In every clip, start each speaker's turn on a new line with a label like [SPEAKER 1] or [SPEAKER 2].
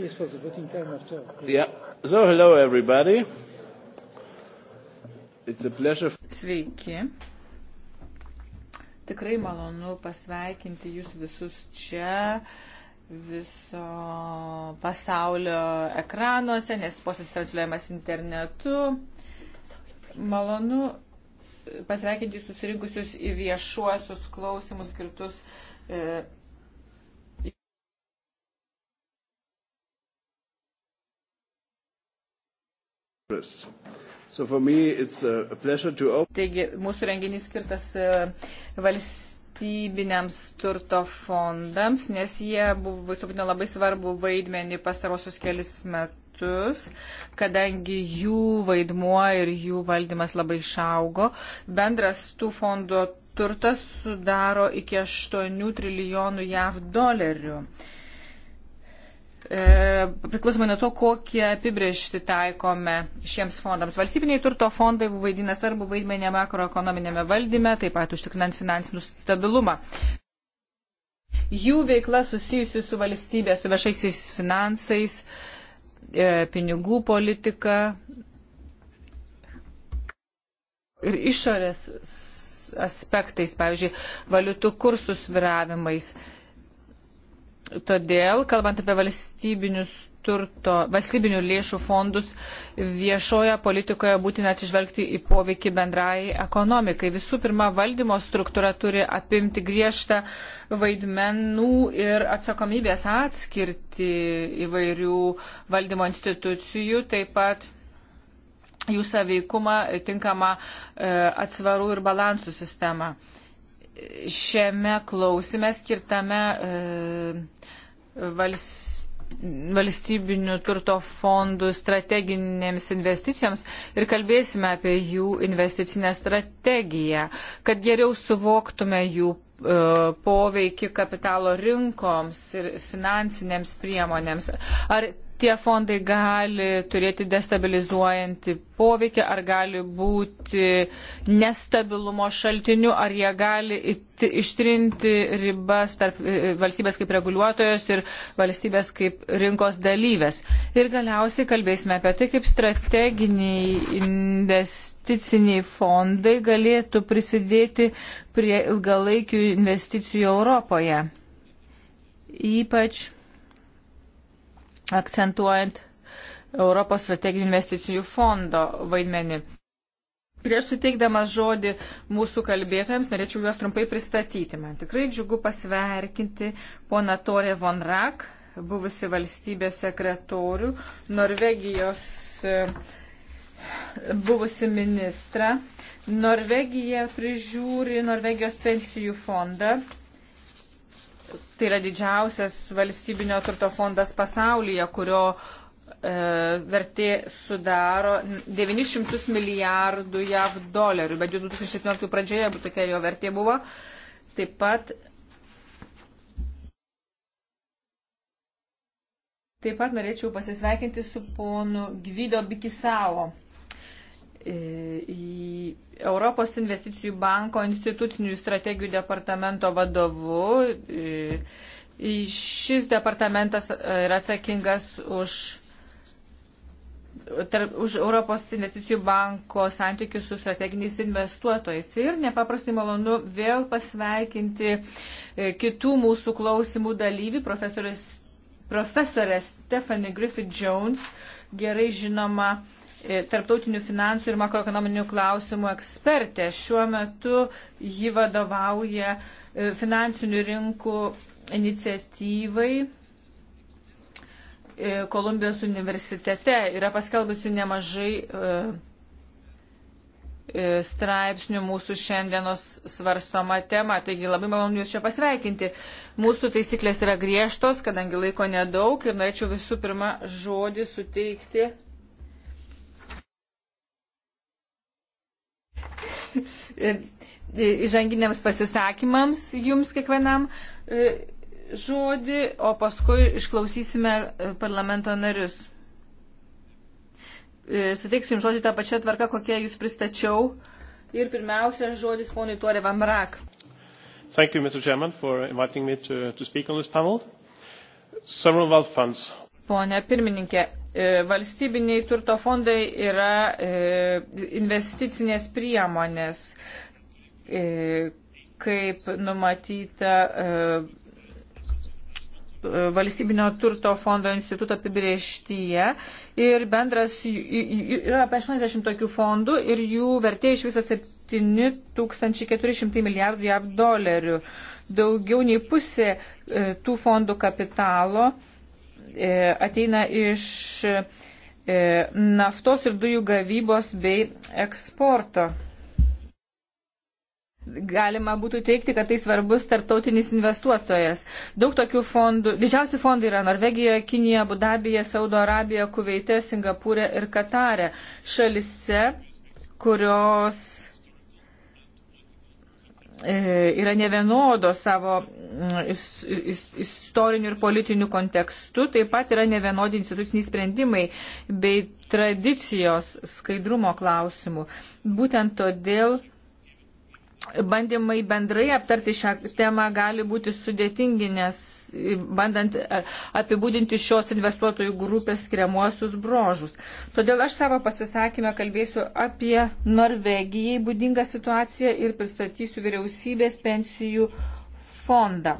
[SPEAKER 1] This was a voting time after. Yeah. So, hello everybody. It's a pleasure. Sveiki. Tikrai malonu pasveikinti jūs visus čia viso pasaulio ekranuose, nes posėdis transliuojamas internetu. Malonu pasveikinti susirinkusius į viešuosius klausimus skirtus e, So to... Taigi, mūsų renginys skirtas e, valstybiniams turto fondams, nes jie buvo suvaidino labai svarbu vaidmenį pastarosius kelis metus, kadangi jų vaidmuo ir jų valdymas labai išaugo. Bendras tų fondo turtas sudaro iki 8 trilijonų JAV dolerių. Uh, E, priklausomai nuo to, kokie apibriežti taikome šiems fondams. Valstybiniai turto fondai vaidina svarbu vaidmenį makroekonominėme valdyme, taip pat užtikrinant finansinį stabilumą. Jų veikla susijusi su valstybė, su viešaisiais finansais, e, pinigų politika ir išorės aspektais, pavyzdžiui, valiutų kursų sviravimais. Todėl, kalbant apie valstybinius turto, valstybinių lėšų fondus, viešoje politikoje būtina atsižvelgti į poveikį bendrai ekonomikai. Visų pirma, valdymo struktūra turi apimti griežtą vaidmenų ir atsakomybės atskirti įvairių valdymo institucijų, taip pat jų saveikumą, tinkamą e, atsvarų ir balansų sistemą šiame klausime skirtame e, valstybinių turto fondų strateginėms investicijoms ir kalbėsime apie jų investicinę strategiją, kad geriau suvoktume jų e, poveikį kapitalo rinkoms ir finansinėms priemonėms. Ar tie fondai gali turėti destabilizuojantį poveikį, ar gali būti nestabilumo šaltiniu, ar jie gali ištrinti ribas tarp e, e, valstybės kaip reguliuotojos ir valstybės kaip rinkos dalyvės. Ir galiausiai kalbėsime apie tai, kaip strateginiai investiciniai fondai galėtų prisidėti prie ilgalaikių investicijų Europoje. Ypač akcentuojant Europos strateginių investicijų fondo vaidmenį. Prieš suteikdamas žodį mūsų kalbėtojams, norėčiau juos trumpai pristatyti. Man tikrai džiugu pasverkinti poną Torė von Rak, buvusi valstybės sekretorių, Norvegijos e, buvusi ministra. Norvegija prižiūri Norvegijos pensijų fondą Tai yra didžiausias valstybinio turto fondas pasaulyje, kurio e, vertė sudaro 900 milijardų JAV dolerių, bet 2017 pradžioje tokia jo vertė buvo. Taip pat Taip pat norėčiau pasisveikinti su ponu Gvido Bikisavo. E, Europos investicijų banko institucinių strategijų departamento vadovu. E, šis departamentas e, yra atsakingas už, tarp, už Europos investicijų banko santykius su strateginiais investuotojais. Ir nepaprastai malonu vėl pasveikinti e, kitų mūsų klausimų dalyvių, profesorės Stefanie Griffith Jones, gerai žinoma E, tarptautinių finansų ir makroekonominių klausimų ekspertė. Šiuo metu ji vadovauja e, finansinių rinkų iniciatyvai e, Kolumbijos universitete. Yra paskelbusi nemažai straipsnių mūsų šiandienos svarstoma tema. Taigi labai malonu Jūs čia pasveikinti. Mūsų taisyklės yra griežtos, kadangi laiko nedaug ir norėčiau visų pirma žodį suteikti įžanginiams pasisakymams jums kiekvienam e, žodį, o paskui išklausysime e, parlamento narius. E, suteiksiu jums žodį tą pačią tvarką, kokią jūs pristačiau. Ir pirmiausia, žodis ponui Tuorė Vamrak.
[SPEAKER 2] Thank you, Mr. Chairman, for inviting me to, to speak on this panel. Sovereign wealth funds.
[SPEAKER 1] Pone pirmininkė, E, valstybiniai turto fondai yra e, investicinės priemonės, e, kaip numatyta valstybinio turto fondo instituto apibrieštyje ir bendras yra apie 80 tokių fondų ir jų vertė iš viso 7400 milijardų jav dolerių. Daugiau nei pusė tų fondų kapitalo E, ateina iš e, naftos ir dujų gavybos bei eksporto. Galima būtų teikti, kad tai svarbus tarptautinis investuotojas. Daug tokių fondų, didžiausi fondai yra Norvegijoje, Kinijoje, Budabėje, Saudo Arabijoje, Kuveite, Singapūrė ir Katare. Šalise, kurios E, yra nevienodo savo mm, istoriniu ir politiniu kontekstu, taip pat yra nevienodi instituciniai sprendimai bei tradicijos skaidrumo klausimų. Būtent todėl bandymai bendrai aptarti šią temą gali būti sudėtingi, nes e, bandant e, apibūdinti šios investuotojų grupės skiriamuosius brožus. Todėl aš savo pasisakymę kalbėsiu apie Norvegijai būdingą situaciją ir pristatysiu vyriausybės pensijų fondą.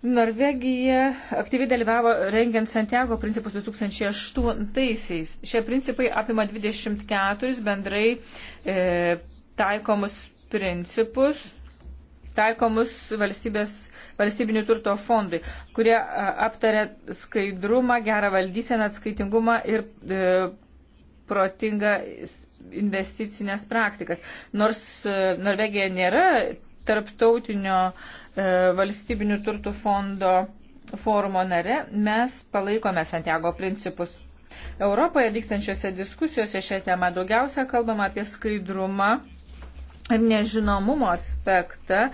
[SPEAKER 1] Norvegija aktyviai dalyvavo rengiant Santiago principus 2008-aisiais. Šie principai apima 24 bendrai e, taikomus principus taikomus valstybės, valstybinių turto fondui, kurie aptarė skaidrumą, gerą valdyseną, atskaitingumą ir e, protingą investicinės praktikas. Nors e, Norvegija nėra tarptautinio e, valstybinių turtų fondo forumo nare, mes palaikome Santiago principus. Europoje vykstančiose diskusijose šią temą daugiausia kalbama apie skaidrumą nežinomumo aspektą,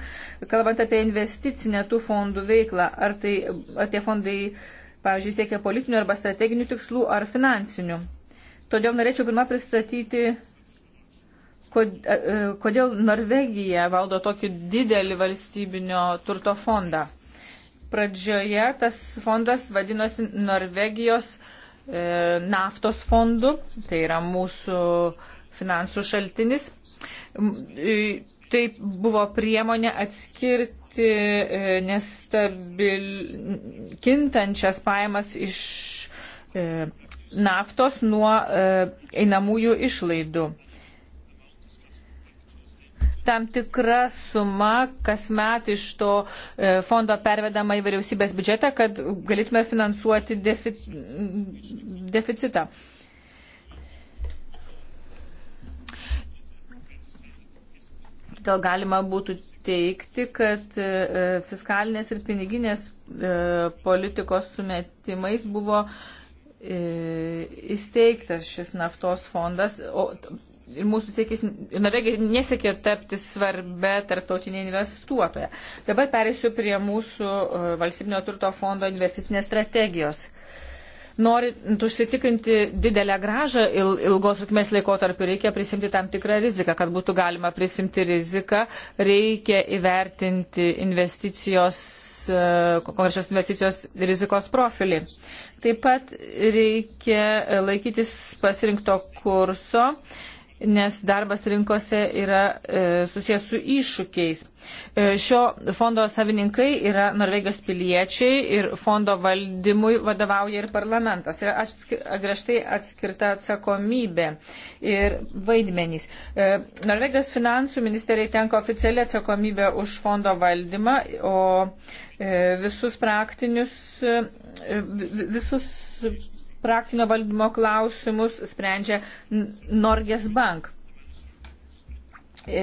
[SPEAKER 1] kalbant apie investicinę tų fondų veiklą, ar, tai, ar tie fondai, pavyzdžiui, siekia politinių arba strateginių tikslų ar finansinių. Todėl norėčiau pirmą pristatyti, e, e, kodėl Norvegija valdo tokį didelį valstybinio turto fondą. Pradžioje tas fondas vadinosi Norvegijos e, naftos fondu, tai yra mūsų finansų šaltinis, E, tai buvo priemonė atskirti e, nestabil, kintančias pajamas iš e, naftos nuo einamųjų išlaidų. Tam tikra suma kasmet iš to fondo pervedama į vyriausybės biudžetą, kad galėtume finansuoti defi, deficitą. Todėl galima būtų teikti, kad e, fiskalinės ir piniginės e, politikos sumetimais buvo e, įsteigtas šis naftos fondas. O, ir mūsų siekis, Norvegija nesiekė tapti svarbę tarptautinė investuotoja. Dabar perėsiu prie mūsų valstybinio turto fondo investicinės strategijos norint užsitikrinti didelę gražą il, ilgos sukmės laikotarpiu, reikia prisimti tam tikrą riziką. Kad būtų galima prisimti riziką, reikia įvertinti investicijos e, konkrečios investicijos rizikos profilį. Taip pat reikia laikytis pasirinkto kurso, uh, nes darbas rinkose yra e, susijęs su iššūkiais. E, šio fondo savininkai yra Norvegijos piliečiai ir fondo valdymui vadovauja ir parlamentas. Yra atskir, griežtai atskirta atsakomybė ir vaidmenys. E, Norvegijos finansų ministeriai tenka oficiali atsakomybė už fondo valdymą, o e, visus praktinius, e, visus praktinio valdymo klausimus sprendžia Norges Bank. E,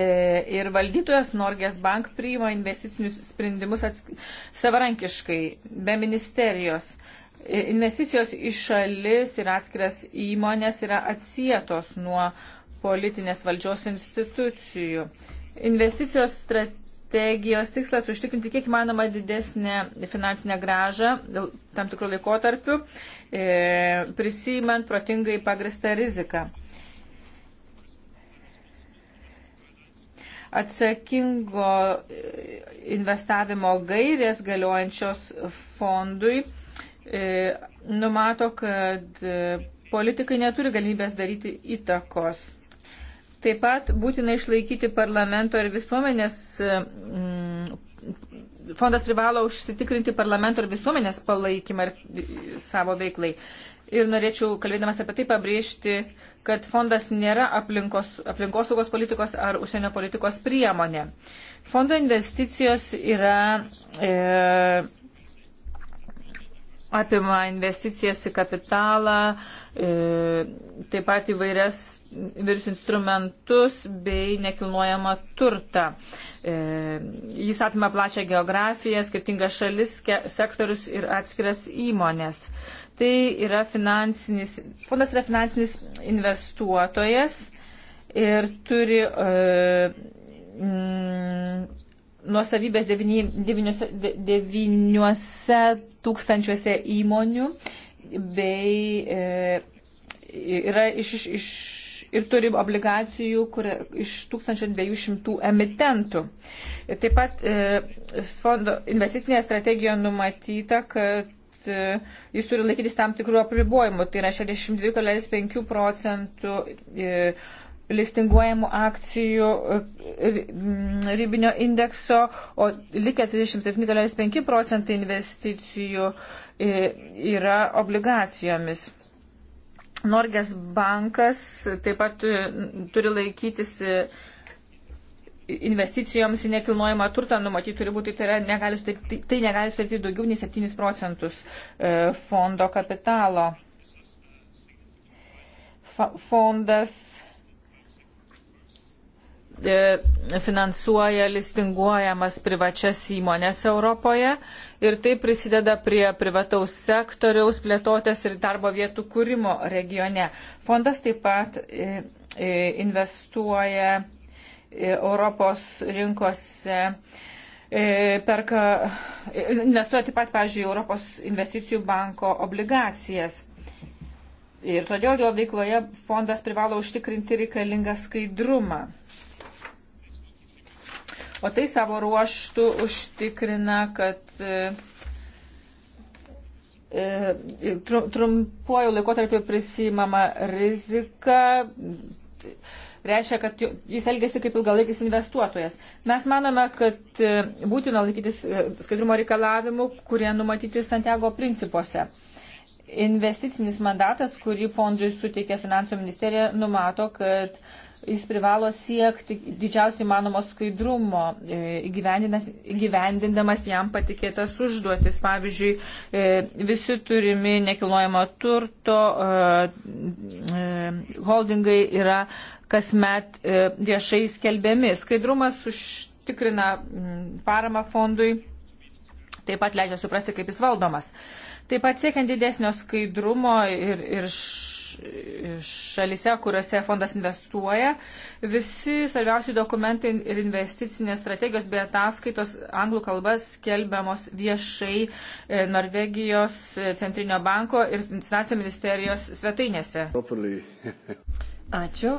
[SPEAKER 1] ir valdytojas Norges Bank priima investicinius sprendimus savarankiškai, be ministerijos. E, investicijos į šalis ir atskiras įmonės yra atsietos nuo politinės valdžios institucijų. Investicijos strate strategijos tikslas užtikrinti kiek įmanoma didesnę finansinę gražą tam tikrų laikotarpių, e, prisimant protingai pagristą riziką. Atsakingo e, investavimo gairės galiojančios fondui e, numato, kad e, politikai neturi galimybės daryti įtakos Taip pat būtina išlaikyti parlamento ir visuomenės. E, mm, fondas privalo užsitikrinti parlamento ir visuomenės palaikymą ir e, savo veiklai. Ir norėčiau, kalbėdamas apie tai, pabrėžti, kad fondas nėra aplinkos, aplinkosaugos politikos ar užsienio politikos priemonė. Fondo investicijos yra. E, apima investicijas į kapitalą, e, taip pat įvairias virs instrumentus bei nekilnojamą turtą. E, jis apima plačią geografiją, skirtingas šalis, sektorius ir atskiras įmonės. Tai yra finansinis, fondas yra finansinis investuotojas ir turi. E, mm, nuosavybės 9 tūkstančiuose įmonių bei e, yra iš, iš, iš, ir turi obligacijų kur, iš 1200 emitentų. Taip pat e, fondo investicinėje strategijoje numatyta, kad e, jis turi laikytis tam tikrų apribojimų, tai yra 62,5 procentų e, listinguojamų akcijų e, ribinio indekso, o likę 37,5 procentai investicijų e, yra obligacijomis. Norges bankas taip pat e, turi laikytis investicijoms į nekilnojamą turtą numatyti ribų, tai, tai, negali sudaryti, tai negali sudaryti daugiau nei 7 procentus fondo kapitalo. Fondas E, finansuoja listinguojamas privačias įmonės Europoje ir tai prisideda prie privataus sektoriaus plėtotės ir darbo vietų kūrimo regione. Fondas taip pat e, e, investuoja Europos rinkose, perka, investuoja taip pat, pavyzdžiui, Europos investicijų banko obligacijas. Ir todėl jo veikloje fondas privalo užtikrinti reikalingą skaidrumą. O tai savo ruoštų užtikrina, kad e, e, trumpuoju laikotarpiu prisimama rizika, reiškia, kad jis elgesi kaip ilgalaikis investuotojas. Mes manome, kad e, būtina laikytis skaidrumo reikalavimų, kurie numatyti Santiago principuose. Investicinis mandatas, kurį fondui suteikia finansų ministerija, numato, kad uh, jis privalo siekti didžiausiai manomo skaidrumo, e, gyvendindamas jam patikėtas užduotis. Pavyzdžiui, e, visi turimi nekilnojamo turto e, holdingai yra kasmet viešai skelbiami. Skaidrumas užtikrina paramą fondui, taip pat leidžia suprasti, kaip jis valdomas. Taip pat siekiant didesnio skaidrumo ir, ir šalise, kuriuose fondas investuoja, visi svarbiausi dokumentai ir investicinės strategijos bei ataskaitos anglų kalbas skelbiamos viešai e, Norvegijos e, Centrinio banko ir Finansinės ministerijos svetainėse. Ačiū.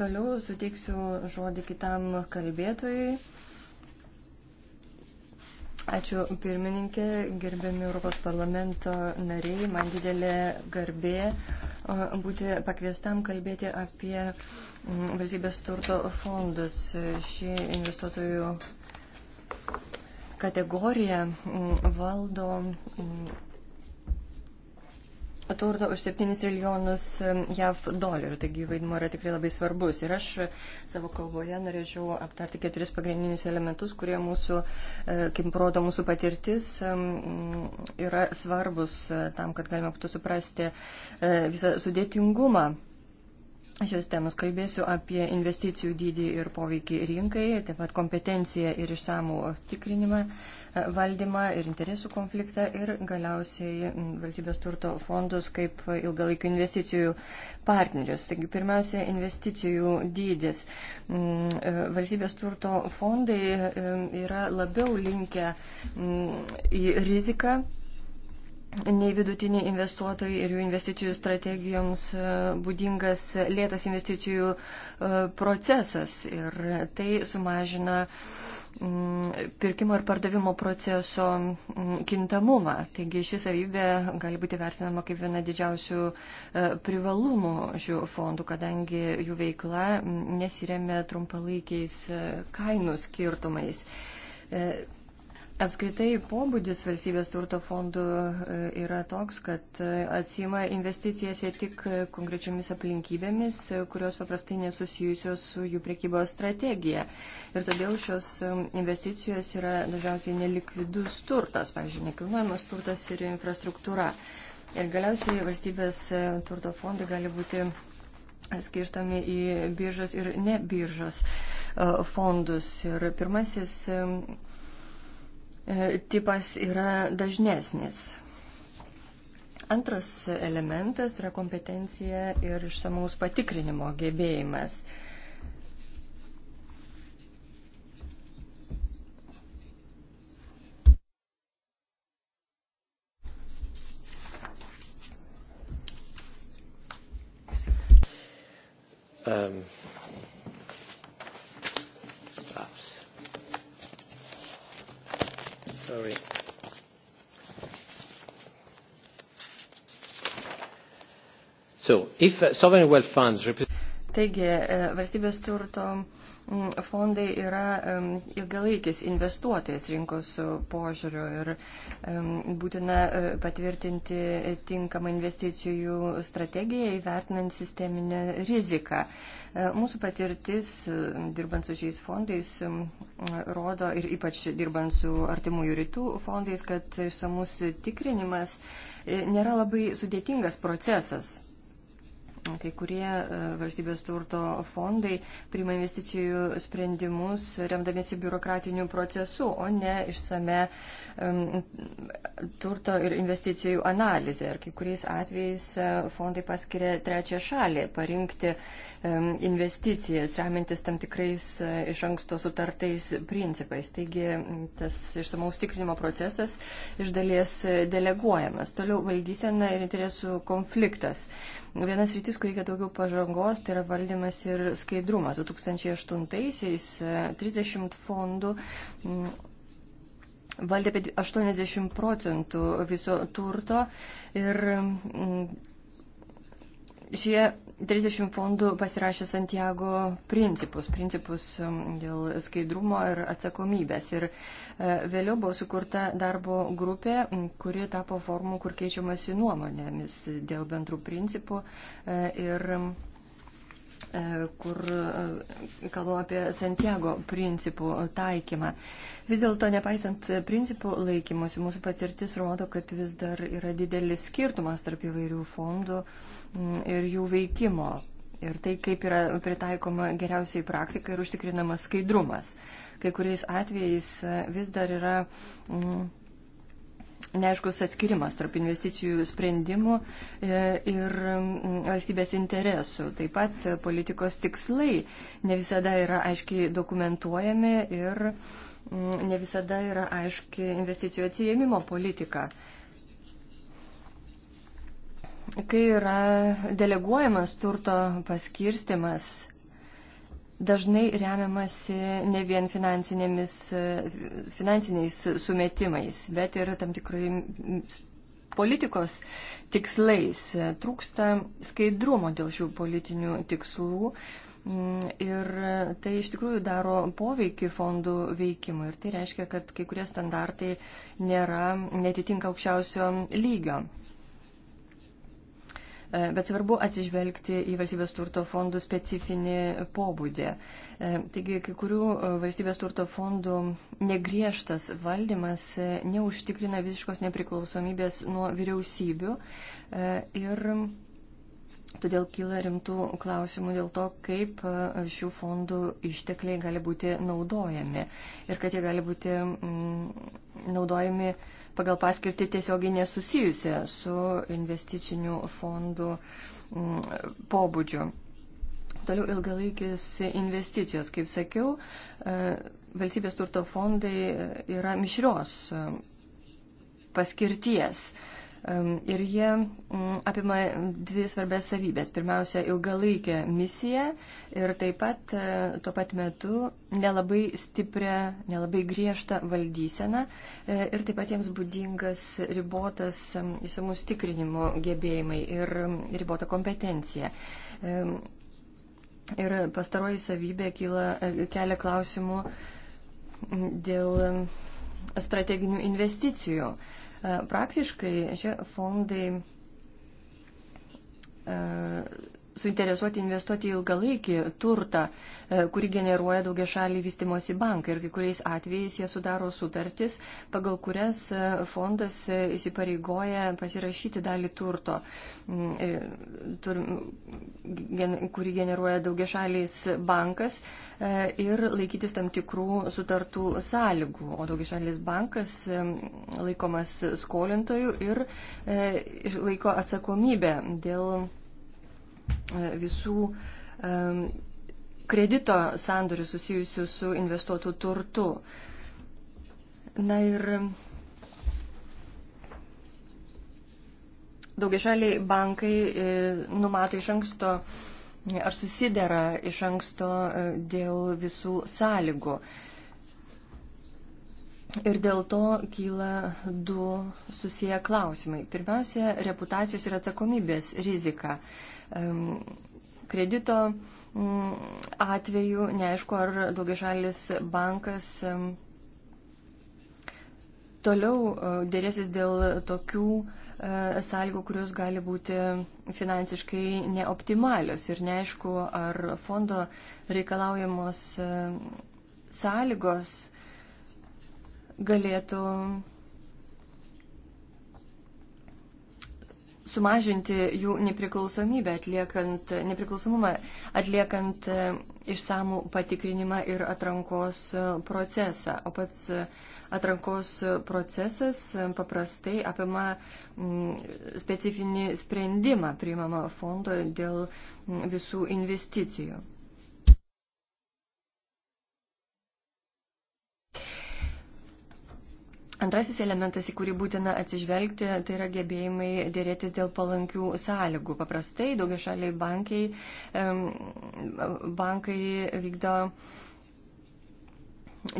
[SPEAKER 3] Toliau suteiksiu žodį kitam kalbėtojui. Ačiū pirmininkė, gerbiami Europos parlamento nariai. Man didelė garbė būti pakviestam kalbėti apie valstybės turto fondus. Ši investuotojų kategorija valdo turto už 7 trilijonus JAV dolerių, taigi vaidmo yra tikrai labai svarbus. Ir aš e, savo kalboje norėčiau aptarti keturis pagrindinius elementus, kurie mūsų, e, kaip rodo mūsų patirtis, yra svarbus e, tam, kad galima būtų suprasti visą sudėtingumą Šios temos kalbėsiu apie investicijų dydį ir poveikį rinkai, taip pat kompetenciją ir išsamų tikrinimą, valdymą ir interesų konfliktą ir galiausiai valstybės turto fondus kaip ilgalaikių investicijų partnerius. Taigi, pirmiausia, investicijų dydis. E, valstybės turto fondai e, yra labiau linkę į riziką nei vidutiniai investuotojai ir jų investicijų strategijoms e, būdingas lėtas investicijų procesas ir tai sumažina uh, Mm, pirkimo ir pardavimo proceso mm, kintamumą. Taigi ši savybė gali būti vertinama kaip viena didžiausių e, privalumų šių fondų, kadangi jų veikla mm, nesiremia trumpalaikiais e, kainų skirtumais. E, Apskritai pobūdis valstybės turto fondų e, yra toks, kad e, atsima investicijas jie tik e, konkrečiomis aplinkybėmis, kurios paprastai nesusijusios su jų priekybos strategija. Ir todėl šios investicijos yra dažniausiai nelikvidus turtas, pavyzdžiui, nekilnojamas turtas ir infrastruktūra. Ir galiausiai valstybės turto fondai gali būti skirstami į biržos ir ne biržos fondus. Ir pirmasis E, tipas yra dažnesnis. Antras elementas yra kompetencija ir išsamaus patikrinimo gebėjimas.
[SPEAKER 1] Um.
[SPEAKER 2] Sorry.
[SPEAKER 3] So, if uh, sovereign wealth funds Taigi, e, valstybės turto fondai yra ilgalaikis investuotojas rinkos požiūriu ir būtina e, patvirtinti tinkamą investicijų strategiją įvertinant sisteminę riziką. E, mūsų patirtis e, dirbant su šiais fondais rodo ir ypač dirbant su artimųjų rytų fondais, kad išsamus tikrinimas nėra labai sudėtingas procesas. Kai kurie e, valstybės turto fondai priima investicijų sprendimus remdamėsi biurokratiniu procesu, o ne išsame um, turto ir investicijų analizė. Ir kai kuriais atvejais e, fondai paskiria trečią šalį parinkti um, investicijas, remintis tam tikrais uh, iš anksto sutartais principais. Taigi tas išsamaus tikrinimo procesas iš dalies deleguojamas. Toliau valdysena ir interesų konfliktas. Vienas rytis, kur reikia daugiau pažangos, tai yra valdymas ir skaidrumas. 2008-aisiais 30 e, fondų mm, valdė apie 80 procentų viso turto ir mm, šie 30 fondų pasirašė Santiago principus, principus um, dėl skaidrumo ir atsakomybės. Ir e, vėliau buvo sukurta darbo grupė, kuri tapo formų, kur keičiamasi nuomonėmis dėl bendrų principų. E, ir E, kur e, kalbam apie Santiago principų taikymą. Vis dėlto, nepaisant principų laikymusi, mūsų patirtis rodo, kad vis dar yra didelis skirtumas tarp įvairių fondų ir jų veikimo. Ir tai, kaip yra pritaikoma geriausiai praktika ir užtikrinamas skaidrumas. Kai kuriais atvejais vis dar yra. Mm, neaiškus atskirimas tarp investicijų sprendimų e, ir valstybės interesų. Taip pat politikos tikslai ne visada yra aiškiai dokumentuojami ir ne visada yra aiški investicijų atsijėmimo politika. Kai yra deleguojamas turto paskirstimas, dažnai remiamasi ne vien finansiniais sumetimais, bet ir tam tikrai politikos tikslais. Trūksta skaidrumo dėl šių politinių tikslų. Mm, ir tai iš tikrųjų daro poveikį fondų veikimui. Ir tai reiškia, kad kai kurie standartai nėra, netitinka aukščiausio lygio. E, bet svarbu atsižvelgti į valstybės turto fondų specifinį pobūdį. E, taigi, kai kurių e, valstybės turto fondų negriežtas valdymas neužtikrina visiškos nepriklausomybės nuo vyriausybių ir todėl kyla rimtų klausimų dėl to, kaip šių fondų ištekliai gali būti naudojami ir kad jie gali būti mm, naudojami pagal paskirtį tiesiogiai nesusijusi su investicinių fondų mm, pobūdžiu. Toliau ilgalaikis investicijos. Kaip sakiau, e, valstybės turto fondai yra mišrios e, paskirties. Ir jie mm, apima dvi svarbės savybės. Pirmiausia, ilgalaikę misiją ir taip pat e, tuo pat metu nelabai stiprią, nelabai griežtą valdyseną e, ir taip pat jiems būdingas ribotas įsumų stiprinimo gebėjimai ir ribota kompetencija. Ir pastaroji savybė kyla, e, kelia klausimų dėl strateginių investicijų. Praktiškai šie fondai e, suinteresuoti investuoti į ilgalaikį turtą, e, kurį generuoja daugia šalį vystimosi bankai. Ir kai kuriais atvejais jie sudaro sutartis, pagal kurias e, fondas e, įsipareigoja pasirašyti dalį turto, kurį generuoja daugia šalis bankas ir laikytis tam tikrų sutartų sąlygų. O daugia šalis bankas laikomas skolintojų ir laiko atsakomybę dėl E, visų e, kredito sandorių susijusių su investuotų turtu. Na ir daugiašaliai bankai e, numato iš anksto ar susidera iš anksto dėl visų sąlygų. Ir dėl to kyla du susiję klausimai. Pirmiausia, reputacijos ir atsakomybės rizika kredito mm, atveju, neaišku, ar daugiašalis bankas toliau e, dėrėsis dėl tokių e, sąlygų, kurios gali būti finansiškai neoptimalios ir neaišku, ar fondo reikalaujamos sąlygos galėtų sumažinti jų nepriklausomybę, atliekant nepriklausomumą, atliekant e, išsamų patikrinimą ir atrankos e, procesą. O pats e, atrankos procesas paprastai apima specifinį sprendimą priimamą fondo dėl visų investicijų. Antrasis elementas, į kurį būtina atsižvelgti, tai yra gebėjimai dėrėtis dėl palankių sąlygų. Paprastai daugia šaliai bankai, bankai vykdo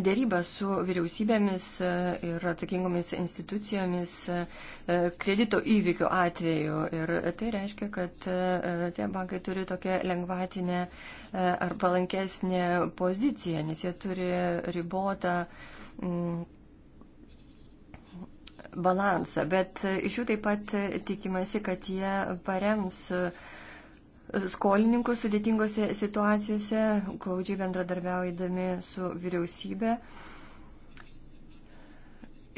[SPEAKER 3] dėrybas su vyriausybėmis e, ir atsakingomis institucijomis e, e, kredito įvykių atveju. Ir tai reiškia, kad tie bankai turi tokią lengvatinę ar palankesnę poziciją, nes jie turi ribotą balansą, bet iš jų taip pat tikimasi, kad jie parems skolininkų sudėtingose situacijose, klaudžiai bendradarbiaujami su vyriausybė.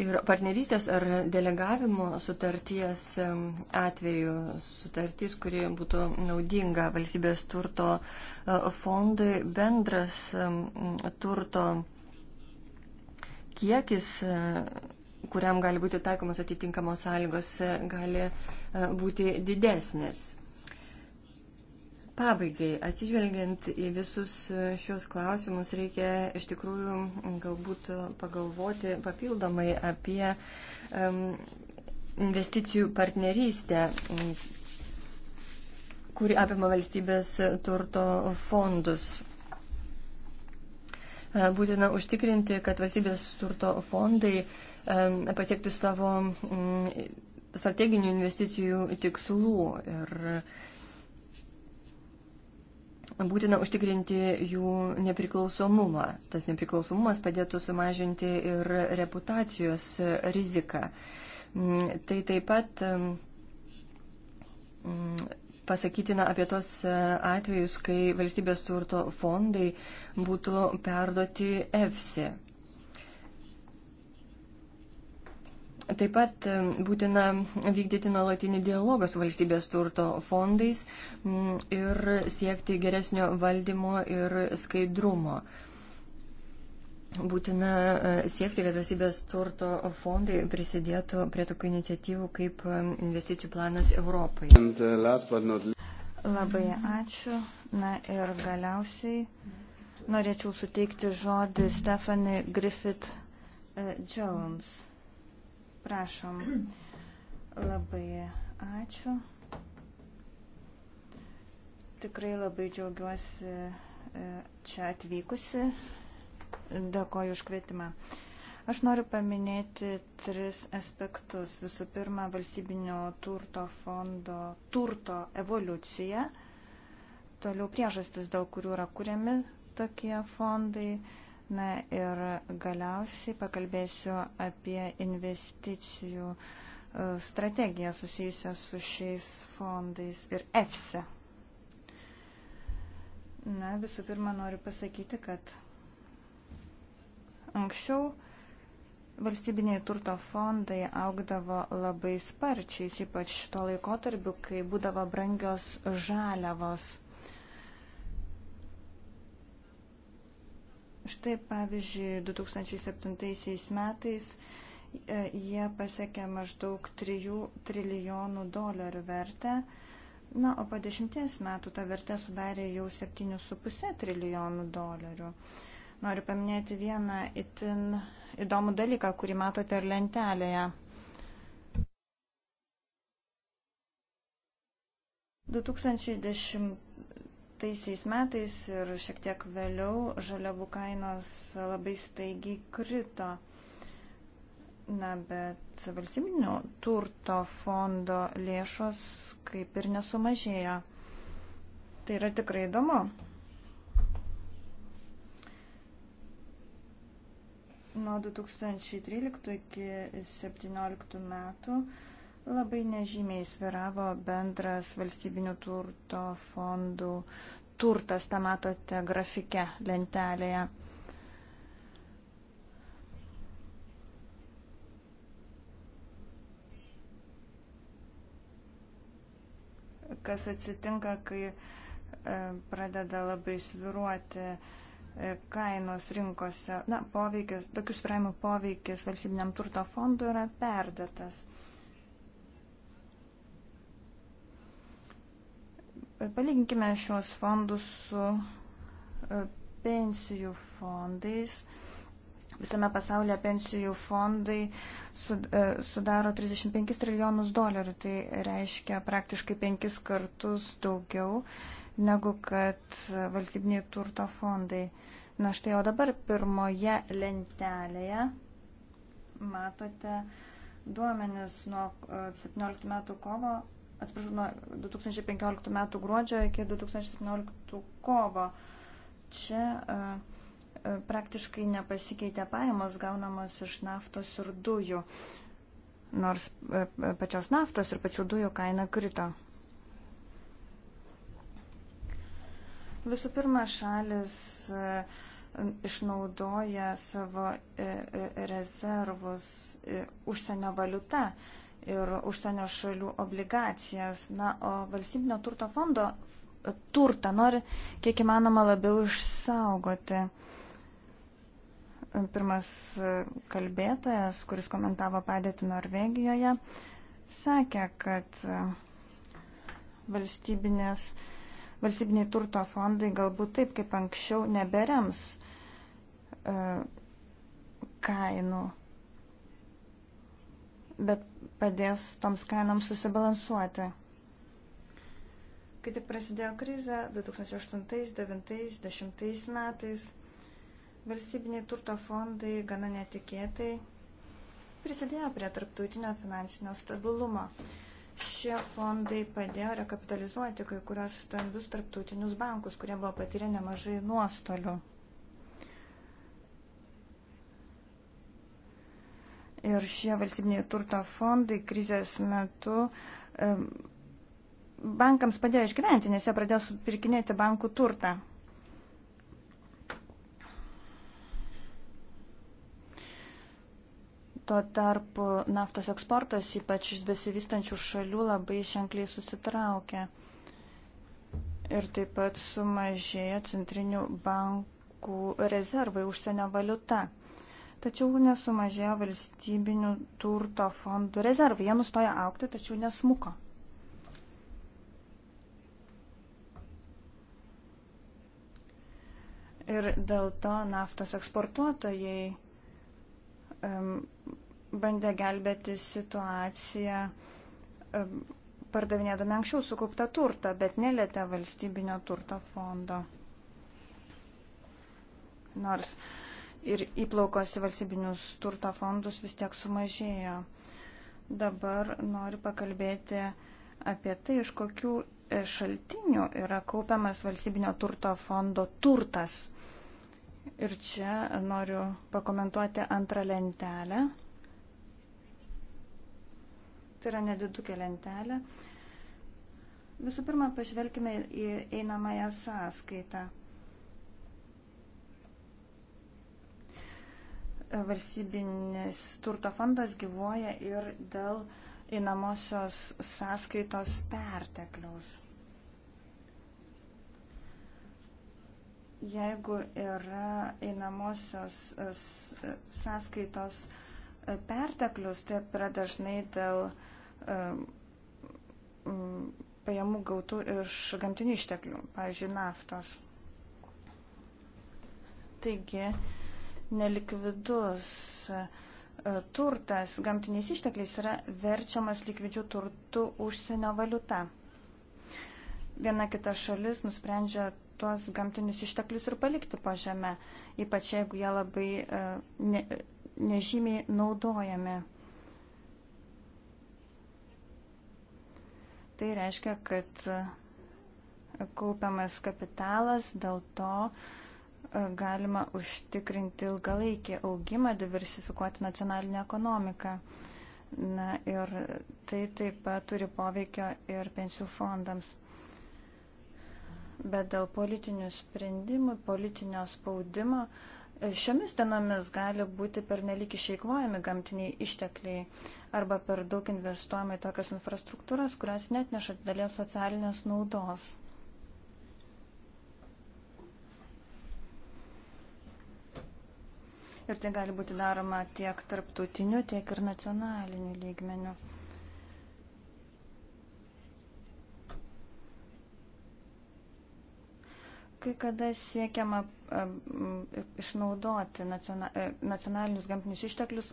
[SPEAKER 3] Ir partnerystės ar delegavimo sutarties atveju sutartys, kuri būtų naudinga valstybės turto e, fondui, bendras turto kiekis e, kuriam gali būti taikomos atitinkamos sąlygos, e, gali e, būti didesnės. Pabaigai, atsižvelgiant į visus e, šios klausimus, reikia iš tikrųjų galbūt pagalvoti papildomai apie um, investicijų partnerystę, kuri apima valstybės turto fondus. Būtina užtikrinti, kad valstybės turto fondai uh, pasiekti savo mm, strateginių investicijų tikslų ir būtina užtikrinti jų nepriklausomumą. Tas nepriklausomumas padėtų sumažinti ir reputacijos riziką. Mm, tai taip pat mm, pasakytina apie tos atvejus, kai valstybės turto fondai būtų perduoti EFSI. Taip pat e, būtina vykdyti nuolatinį dialogą su valstybės turto fondais ir siekti geresnio valdymo ir skaidrumo. Būtina e, siekti, kad valstybės turto fondai prisidėtų prie tokių iniciatyvų kaip e, investicijų planas Europai.
[SPEAKER 1] Uh, not...
[SPEAKER 2] Labai ačiū. Na ir galiausiai norėčiau suteikti žodį Stephanie Griffith Jones. Prašom. Labai ačiū. Tikrai labai džiaugiuosi e, čia atvykusi. Dėkoju už kvietimą. Aš noriu paminėti tris aspektus. Visų pirma, valstybinio turto fondo turto evoliucija. Toliau priežastis, dėl kurių yra kuriami tokie fondai prasme ir galiausiai pakalbėsiu apie investicijų e, strategiją susijusią su šiais fondais ir EFSE. Na, visų pirma, noriu pasakyti, kad anksčiau valstybiniai turto fondai augdavo labai sparčiai, ypač to laikotarpiu, kai būdavo brangios žaliavos Štai pavyzdžiui, 2007 metais e, jie pasiekė maždaug 3 trilijonų dolerių vertę, na, o po dešimties metų ta vertė sudarė jau 7,5 trilijonų dolerių. Noriu paminėti vieną itin įdomų dalyką, kurį matote ir lentelėje. 2010 2004 metais ir šiek tiek vėliau žaliavų kainos labai staigiai krito. Na, bet valstybinio turto fondo lėšos kaip ir nesumažėjo. Tai yra tikrai įdomu. Nuo 2013 iki 2017 metų Labai nežymiai sviravo bendras valstybinių turto fondų turtas, tą matote grafike lentelėje. Kas atsitinka, kai e, pradeda labai sviruoti e, kainos rinkose. Na, poveikis, tokius sviravimų poveikis valstybiniam turto fondui yra perdėtas. Palinkime šios fondus su e, pensijų fondais. Visame pasaulyje pensijų fondai e, sudaro 35 trilijonus dolerių, tai reiškia praktiškai penkis kartus daugiau negu kad valstybiniai turto fondai. Na štai, o dabar pirmoje lentelėje matote duomenis nuo 17 e, metų kovo atsiprašau, nuo 2015 metų gruodžio iki 2017 kovo. Čia e, e, praktiškai nepasikeitė pajamos gaunamos iš naftos ir dujų, nors e, pačios naftos ir pačių dujų kaina krito. Visų pirma, šalis išnaudoja savo rezervus užsienio valiuta ir užsienio šalių obligacijas. Na, o valstybinio turto fondo turtą nori kiek įmanoma labiau išsaugoti. Pirmas kalbėtojas, kuris komentavo padėtį Norvegijoje, sakė, kad valstybinės, valstybiniai turto fondai galbūt taip kaip anksčiau neberems e, kainų bet padės toms kainoms susibalansuoti. Kai tik prasidėjo krizė 2008-2009-2010 metais, valstybiniai turto fondai gana netikėtai prisidėjo prie tarptautinio finansinio stabilumo. Šie fondai padėjo rekapitalizuoti kai kurios stambius tarptautinius bankus, kurie buvo patyrę nemažai nuostolių. Ir šie valstybiniai turto fondai krizės metu bankams padėjo išgyventi, nes jie pradėjo supirkinėti bankų turtą. Tuo tarpu naftos eksportas, ypač iš besivystančių šalių, labai ženkliai susitraukė. Ir taip pat sumažėjo centrinių bankų rezervai užsienio valiuta tačiau nesumažėjo valstybinių turto fondų rezervai. Jie nustoja aukti, tačiau nesmuko. Ir dėl to naftos eksportuotojai um, bandė gelbėti situaciją, um, pardavinėdami anksčiau sukauptą turtą, bet nelietė valstybinio turto fondo. Nors uh, ir įplaukos į valstybinius turto fondus vis tiek sumažėjo. Dabar noriu pakalbėti apie tai, iš kokių e, šaltinių yra kaupiamas valstybinio turto fondo turtas. Ir čia noriu pakomentuoti antrą lentelę. Tai yra nedidukė lentelė. Visų pirma, pažvelkime į einamąją sąskaitą. valstybinis turto fondas gyvuoja ir dėl einamosios sąskaitos pertekliaus. Jeigu yra einamosios e, e, sąskaitos e, perteklius, tai yra dažnai dėl pajamų gautų iš gamtinių išteklių, pavyzdžiui, naftos. Taigi, nelikvidus e, turtas, gamtiniais ištekliais yra verčiamas likvidžių turtų užsienio valiuta. Viena kita šalis nusprendžia tuos gamtinius išteklius ir palikti po žemę, ypač jeigu jie labai e, ne, nežymiai naudojami. Tai reiškia, kad e, kaupiamas kapitalas dėl to, uh, E, galima užtikrinti ilgalaikį augimą, diversifikuoti nacionalinę ekonomiką. Na ir tai taip pat turi poveikio ir pensijų fondams. Bet dėl politinių sprendimų, politinio spaudimo e, šiomis dienomis gali būti pernelik išeikvojami gamtiniai ištekliai arba per daug investuojama į tokias infrastruktūras, kurios net neša didelės socialinės naudos. Ir tai gali būti daroma tiek tarptautiniu, tiek ir nacionaliniu lygmeniu. kai kada siekiama išnaudoti e, nacionalinius gamtinius išteklius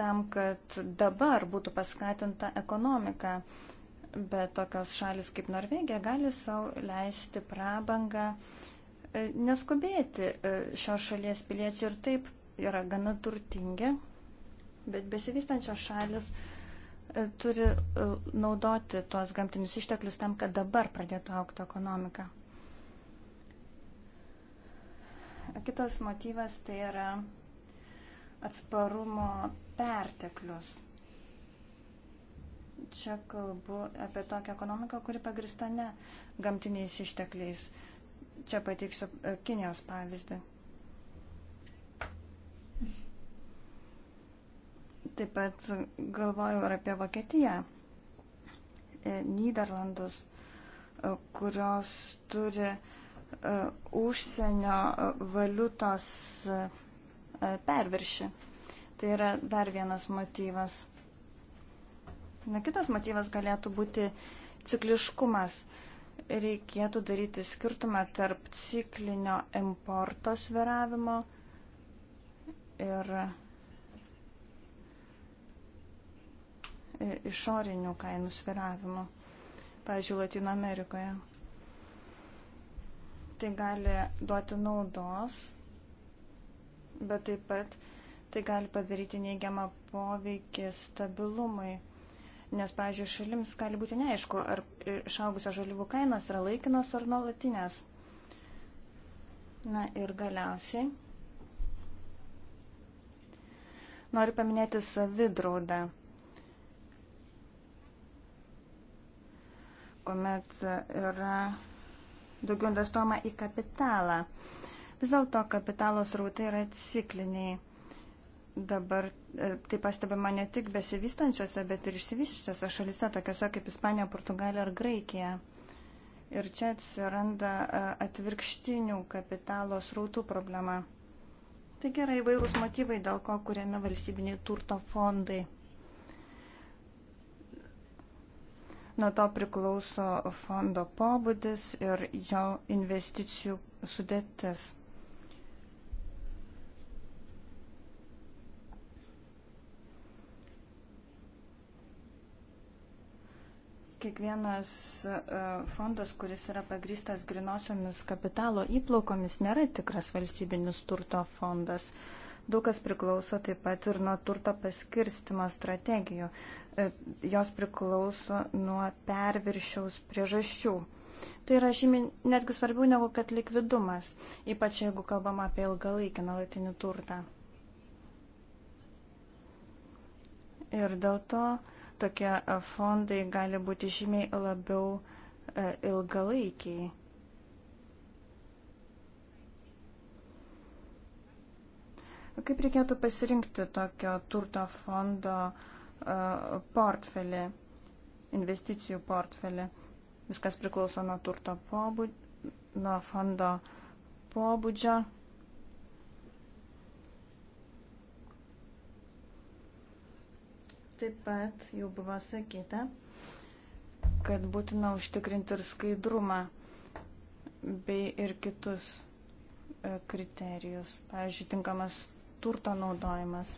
[SPEAKER 2] tam, kad dabar būtų paskatinta ekonomika. Bet tokios šalis kaip Norvegija gali savo leisti prabangą e, neskubėti e, šios šalies piliečiai ir taip yra gana turtingi, bet besivystančios šalis e, turi e, naudoti tuos gamtinius išteklius tam, kad dabar pradėtų aukti ekonomika. Kitas motyvas tai yra atsparumo perteklius. Čia kalbu apie tokią ekonomiką, kuri pagrista ne gamtiniais ištekliais. Čia pateiksiu e, Kinijos pavyzdį. Taip pat galvojau ir apie Vokietiją, e, Niderlandus, e, kurios turi e, užsienio valiutos perviršį. Tai yra dar vienas motyvas. Na, kitas motyvas galėtų būti cikliškumas. Reikėtų daryti skirtumą tarp ciklinio importo sviravimo ir E, išorinių kainų sviravimų, pavyzdžiui, Latino Amerikoje. Tai gali duoti naudos, bet taip pat tai gali padaryti neigiamą poveikį stabilumui. Nes, pavyzdžiui, šalims gali būti neaišku, ar išaugusios žaliavų kainos yra laikinos ar nuolatinės. Na ir galiausiai noriu paminėti savidraudą. kuomet yra daugiau investuojama į kapitalą. Vis dėlto kapitalo srautai yra cikliniai. Dabar e, tai pastebima ne tik besivystančiose, bet ir išsivyščiusiose šalise, tokiuose kaip Ispanija, Portugalija ar Graikija. Ir čia atsiranda e, atvirkštinių kapitalo srautų problema. Taigi yra įvairūs motyvai, dėl ko kuriami valstybiniai turto fondai. Nuo to priklauso fondo pobūdis ir jo investicijų sudėtis. Kiekvienas e, fondas, kuris yra pagrįstas grinosiomis kapitalo įplaukomis, nėra tikras valstybinis turto fondas. Uh, Daug kas priklauso taip pat ir nuo turto paskirstimo strategijų. E, jos priklauso nuo perviršiaus priežasčių. Tai yra žymiai netgi svarbiau negu kad likvidumas, ypač jeigu kalbam apie ilgalaikį nuolatinį turtą. Ir dėl to tokie fondai gali būti žymiai labiau e, ilgalaikiai Kaip reikėtų pasirinkti tokio turto fondo e, portfelį, investicijų portfelį? Viskas priklauso nuo turto pobūdžio, nuo fondo pobūdžio. Taip pat jau buvo sakyta, kad būtina užtikrinti ir skaidrumą bei ir kitus e, kriterijus, pavyzdžiui, tinkamas turto naudojimas.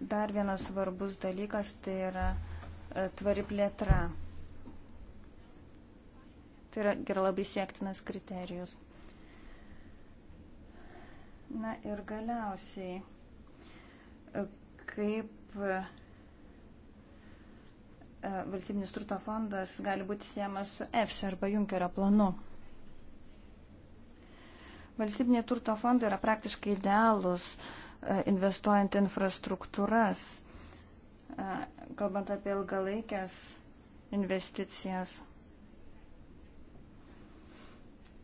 [SPEAKER 2] Dar vienas svarbus dalykas tai yra e, tvari plėtra. Tai yra, yra labai siektinas kriterijus. Na ir galiausiai, e, kaip e, valstybinis turto fondas gali būti siejamas su EFSI arba Junkerio planu. Valstybinė turto fondai yra praktiškai idealus e, investuojant infrastruktūras, e, kalbant apie ilgalaikės investicijas.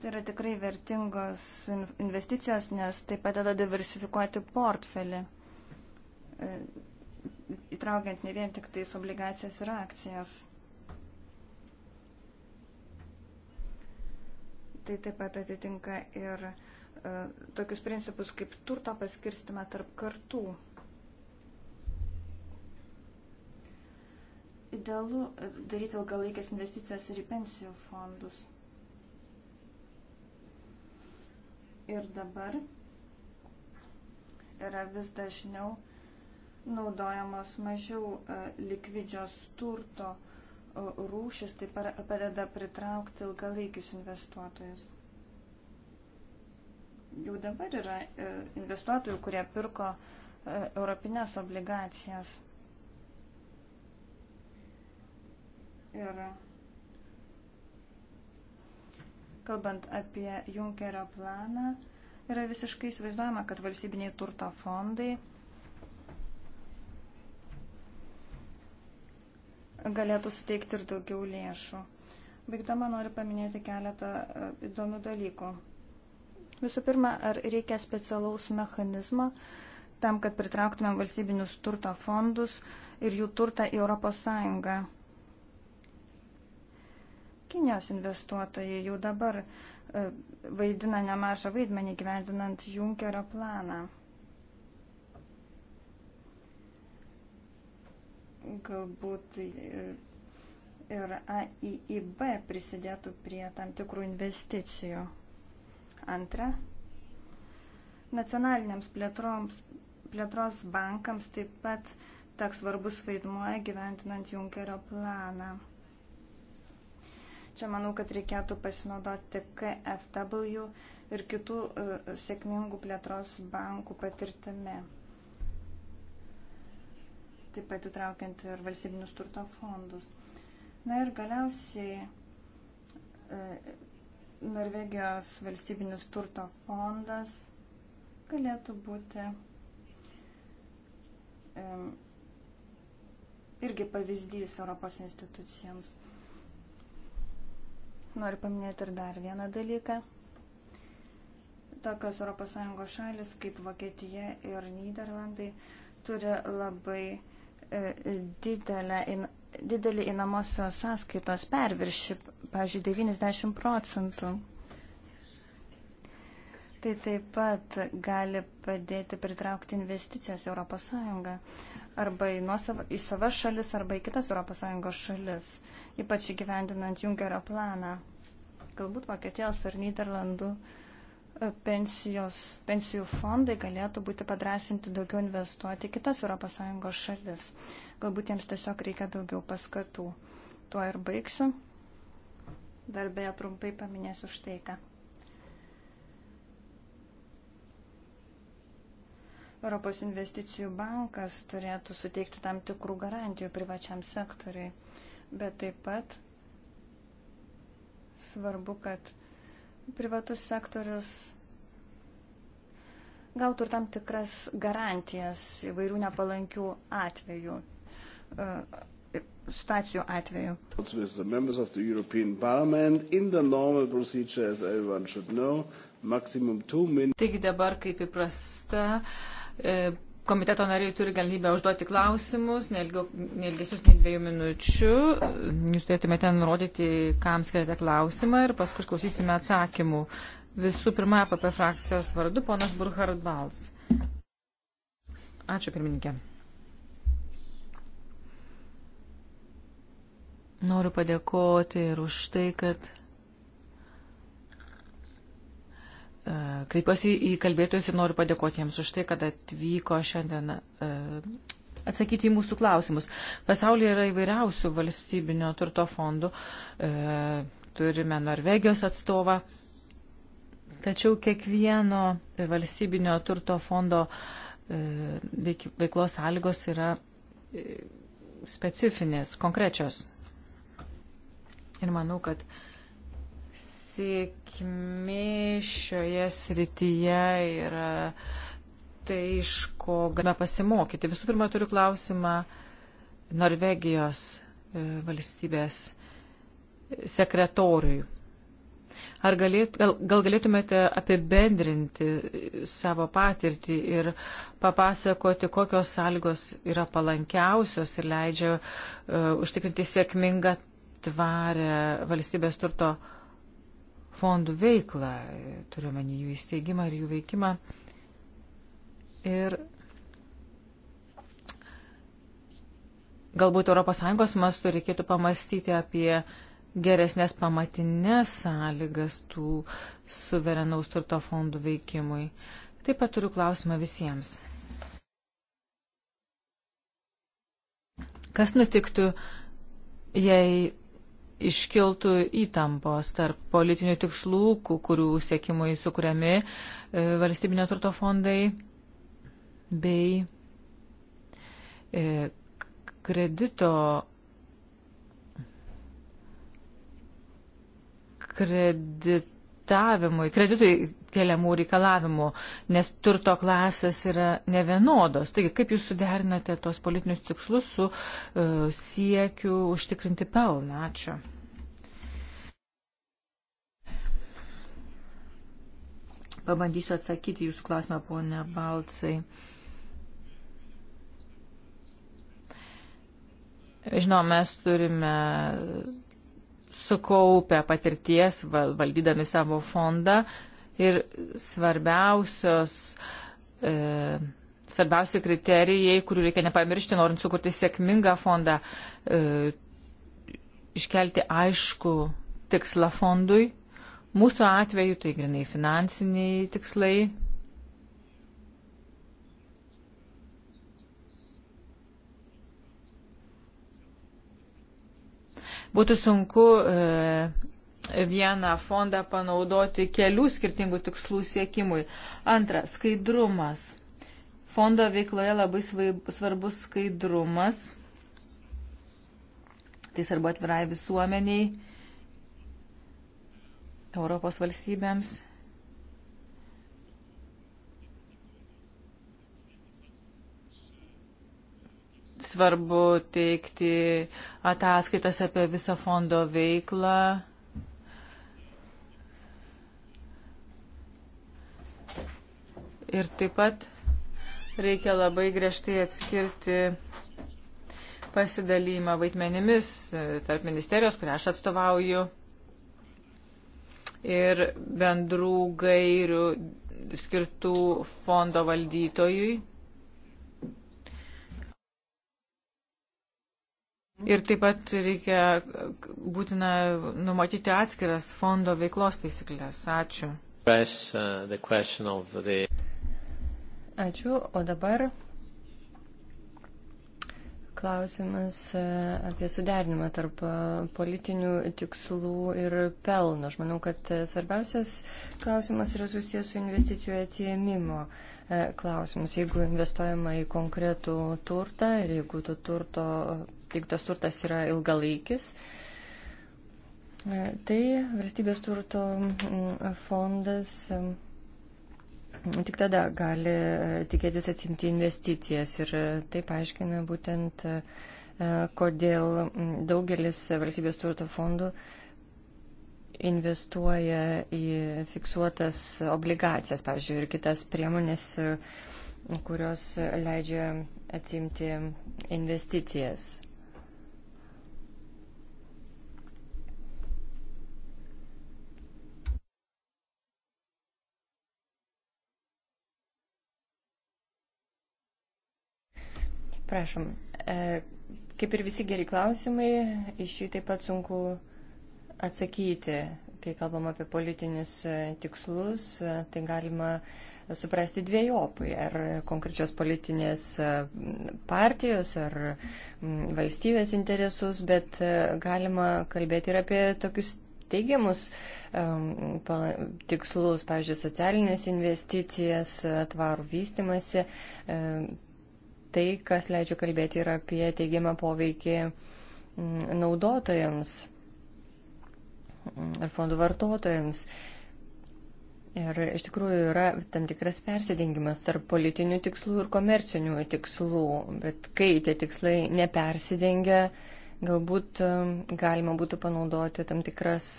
[SPEAKER 2] Tai yra tikrai vertingos investicijos, nes tai padeda diversifikuoti portfelį, e, įtraukiant ne vien tik tais obligacijas ir akcijas. Tai taip pat atitinka ir e, tokius principus kaip turto paskirstimą tarp kartų. Idealu e, daryti ilgalaikės investicijas ir į pensijų fondus. Ir dabar yra vis dažniau naudojamos mažiau e, likvidžios turto rūšis taip padeda pritraukti ilgalaikius investuotojus. Jau dabar yra e, investuotojų, kurie pirko e, europinės obligacijas. Ir kalbant apie Junkerio planą, yra visiškai įsivaizduojama, kad valstybiniai turto fondai galėtų suteikti ir daugiau lėšų. Baigdama noriu paminėti keletą e, įdomių dalykų. Visų pirma, ar reikia specialaus mechanizmo tam, kad pritrauktumėm valstybinius turto fondus ir jų turtą į ES. Kinijos investuotojai jau dabar e, vaidina nemažą vaidmenį gyvendinant Junkerio planą. galbūt e, ir AIIB prisidėtų prie tam tikrų investicijų. Antra, nacionaliniams plėtroms, plėtros bankams taip pat teks svarbus vaidmuo gyventinant Junkerio planą. Čia manau, kad reikėtų pasinaudoti KFW ir kitų uh, sėkmingų plėtros bankų patirtimi taip pat įtraukiant ir valstybinius turto fondus. Na ir galiausiai e, Norvegijos valstybinis turto fondas galėtų būti e, irgi pavyzdys Europos institucijoms. Noriu paminėti ir dar vieną dalyką. Tokios ES šalis kaip Vokietija ir Niderlandai turi labai E, didelę, didelį įnamosios sąskaitos perviršį, pavyzdžiui, 90 procentų. Tai taip pat gali padėti pritraukti investicijas Europos Sąjungą arba į, nuosavą, į savas šalis arba į kitas Europos Sąjungos šalis, ypač įgyvendinant Junkerio planą. Galbūt Vokietijos ar Niderlandų uh, pensijos, pensijų fondai galėtų būti padrasinti daugiau investuoti į kitas ES šalis. Galbūt jiems tiesiog reikia daugiau paskatų. Tuo ir baigsiu. Dar beje trumpai paminėsiu štai ką. Europos investicijų bankas turėtų suteikti tam tikrų garantijų privačiam sektoriui, bet taip pat svarbu, kad privatus sektorius gautų ir tam tikras garantijas įvairių nepalankių atvejų, e, situacijų atveju. Taigi
[SPEAKER 1] dabar, kaip įprasta, e, Komiteto nariai turi galimybę užduoti klausimus, nelgesius nei dviejų minučių. Jūs turėtumėte nurodyti, kam skiriate klausimą ir paskui išklausysime atsakymų. Visų pirma, PP frakcijos vardu, ponas Burhard Bals. Ačiū, pirmininkė. Noriu padėkoti ir už tai, kad E, kreipiuosi į kalbėtojus ir noriu padėkoti jiems už tai, kad atvyko šiandien e, atsakyti į mūsų klausimus. Pasaulyje yra įvairiausių valstybinio turto fondų. E, turime Norvegijos atstovą. Tačiau kiekvieno valstybinio turto fondo veiklos sąlygos yra specifinės, konkrečios. Ir manau, kad uh, pasiekmi šioje srityje yra tai, iš ko galime pasimokyti. Visų pirma, turiu klausimą Norvegijos e, valstybės sekretoriui. Ar galėt, gal, gal galėtumėte apibendrinti e, savo patirtį ir papasakoti, kokios sąlygos yra palankiausios ir leidžia uh, užtikrinti sėkmingą tvarę valstybės turto fondų veiklą, turiuomenį jų įsteigimą ir jų veikimą. Ir galbūt ES mastu reikėtų pamastyti apie geresnės pamatinės sąlygas tų suverenaus turto fondų veikimui. Taip pat turiu klausimą visiems. Kas nutiktų, jei iškiltų įtampos tarp politinių tikslų, kurių siekimui sukūriami e, valstybinio turto fondai bei e, kredito kreditavimui, kreditui keliamų reikalavimų, nes turto klasės yra nevienodos. Taigi, kaip jūs suderinate tos politinius tikslus su uh, siekiu užtikrinti pelną? Ačiū. Pabandysiu atsakyti jūsų klausimą, ponė Balcai. Žinoma, mes turime sukaupę patirties valdydami savo fondą ir svarbiausios, e, svarbiausi kriterijai, kurių reikia nepamiršti, norint sukurti sėkmingą fondą, e, iškelti aišku tikslą fondui Mūsų atveju tai grinai finansiniai tikslai. Būtų sunku e, vieną fondą panaudoti kelių skirtingų tikslų siekimui. Antra, skaidrumas. Fondo veikloje labai svarbus skaidrumas. Tai svarbu atvirai visuomeniai Europos valstybėms. Svarbu teikti ataskaitas apie visą fondo veiklą. Ir taip pat reikia labai griežtai atskirti pasidalymą vaidmenimis e, tarp ministerijos, kurią aš atstovauju, ir bendrų gairių skirtų fondo valdytojui. Ir taip pat reikia būtina numatyti atskiras fondo veiklos taisyklės. Ačiū. Uh, Ačiū, o dabar
[SPEAKER 3] klausimas e, apie suderinimą tarp e, politinių tikslų ir pelno. Aš manau, kad e, svarbiausias klausimas yra susijęs su investicijų atsijėmimo klausimus. Jeigu investuojama į konkretų turtą ir jeigu to turto, jeigu tas turtas yra ilgalaikis, tai valstybės turto fondas tik tada gali e, tikėtis atsimti investicijas. Ir e, tai paaiškina būtent, e, kodėl daugelis valstybės turto fondų investuoja į fiksuotas obligacijas, pavyzdžiui, ir kitas priemonės, kurios leidžia atsimti investicijas. Prašom. E, kaip ir visi geri klausimai, iš jų taip pat sunku atsakyti. Kai kalbam apie politinius e, tikslus, e, tai galima suprasti dviejopai. Ar konkrečios politinės partijos, ar valstybės interesus, bet galima kalbėti ir apie tokius teigiamus um, tikslus, pavyzdžiui, socialinės investicijas, tvarų vystimasi. Um, tai, kas leidžia kalbėti ir apie teigiamą poveikį mm, naudotojams mm, ar fondų vartotojams. Ir iš tikrųjų yra tam tikras persidengimas tarp politinių tikslų ir komercinių tikslų, bet kai tie tikslai nepersidengia, galbūt mm, galima būtų panaudoti tam tikras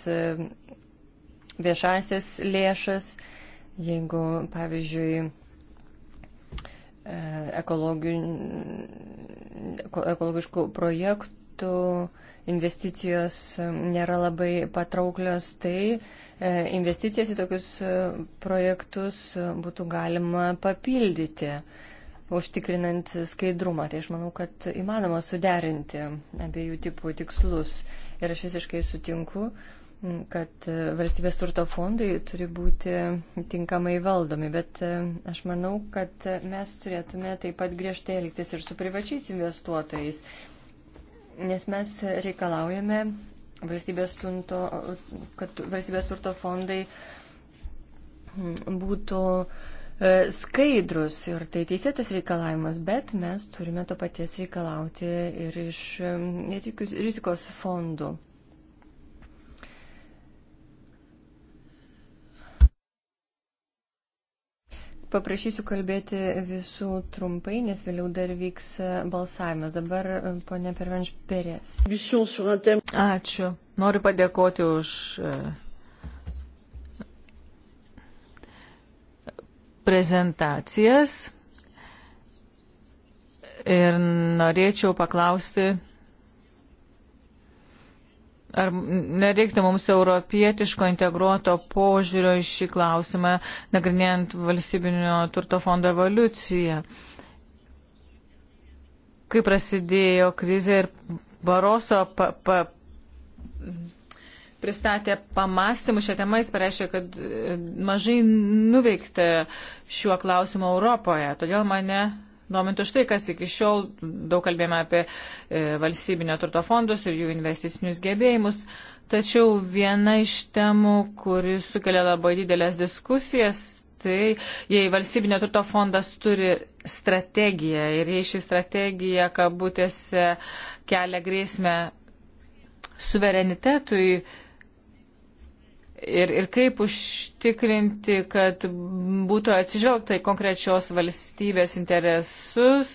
[SPEAKER 3] viešasias lėšas, jeigu, pavyzdžiui, E, ekologi... ekologiškų projektų investicijos e, nėra labai patrauklios, tai e, investicijas į tokius projektus būtų galima papildyti, užtikrinant skaidrumą. Tai aš manau, kad įmanoma suderinti abiejų tipų tikslus. Ir aš visiškai sutinku kad e, valstybės turto fondai turi būti tinkamai valdomi, bet e, aš manau, kad e, mes turėtume taip pat griežtai elgtis ir su privačiais investuotojais, nes mes reikalaujame, valstybės tunto, kad valstybės turto fondai mm, būtų skaidrus ir tai teisėtas reikalavimas, bet mes turime to paties reikalauti ir iš rizikos fondų. Paprašysiu kalbėti visų trumpai, nes vėliau dar vyks e, balsavimas. Dabar e, ponia Pervenš Perės. Ačiū.
[SPEAKER 1] Noriu padėkoti už e, prezentacijas ir norėčiau paklausti Ar nereiktų mums europietiško integruoto požiūrio į šį klausimą, nagrinėjant valstybinio turto fondo evoliuciją? Kai prasidėjo krizė ir Baroso pa, pa, pristatė pamastymų šią temą, jis pareiškė, kad e, mažai nuveikta šiuo klausimu Europoje. Todėl mane domintų štai, kas iki šiol daug kalbėjome apie e, valstybinio turto fondus ir jų investicinius gebėjimus. Tačiau viena iš temų, kuri sukelia labai didelės diskusijas, tai jei valstybinio turto fondas turi strategiją ir jei ši strategija, kabutėse, kelia grėsmę suverenitetui, ir, ir kaip užtikrinti, kad būtų atsižvelgta į konkrečios valstybės interesus,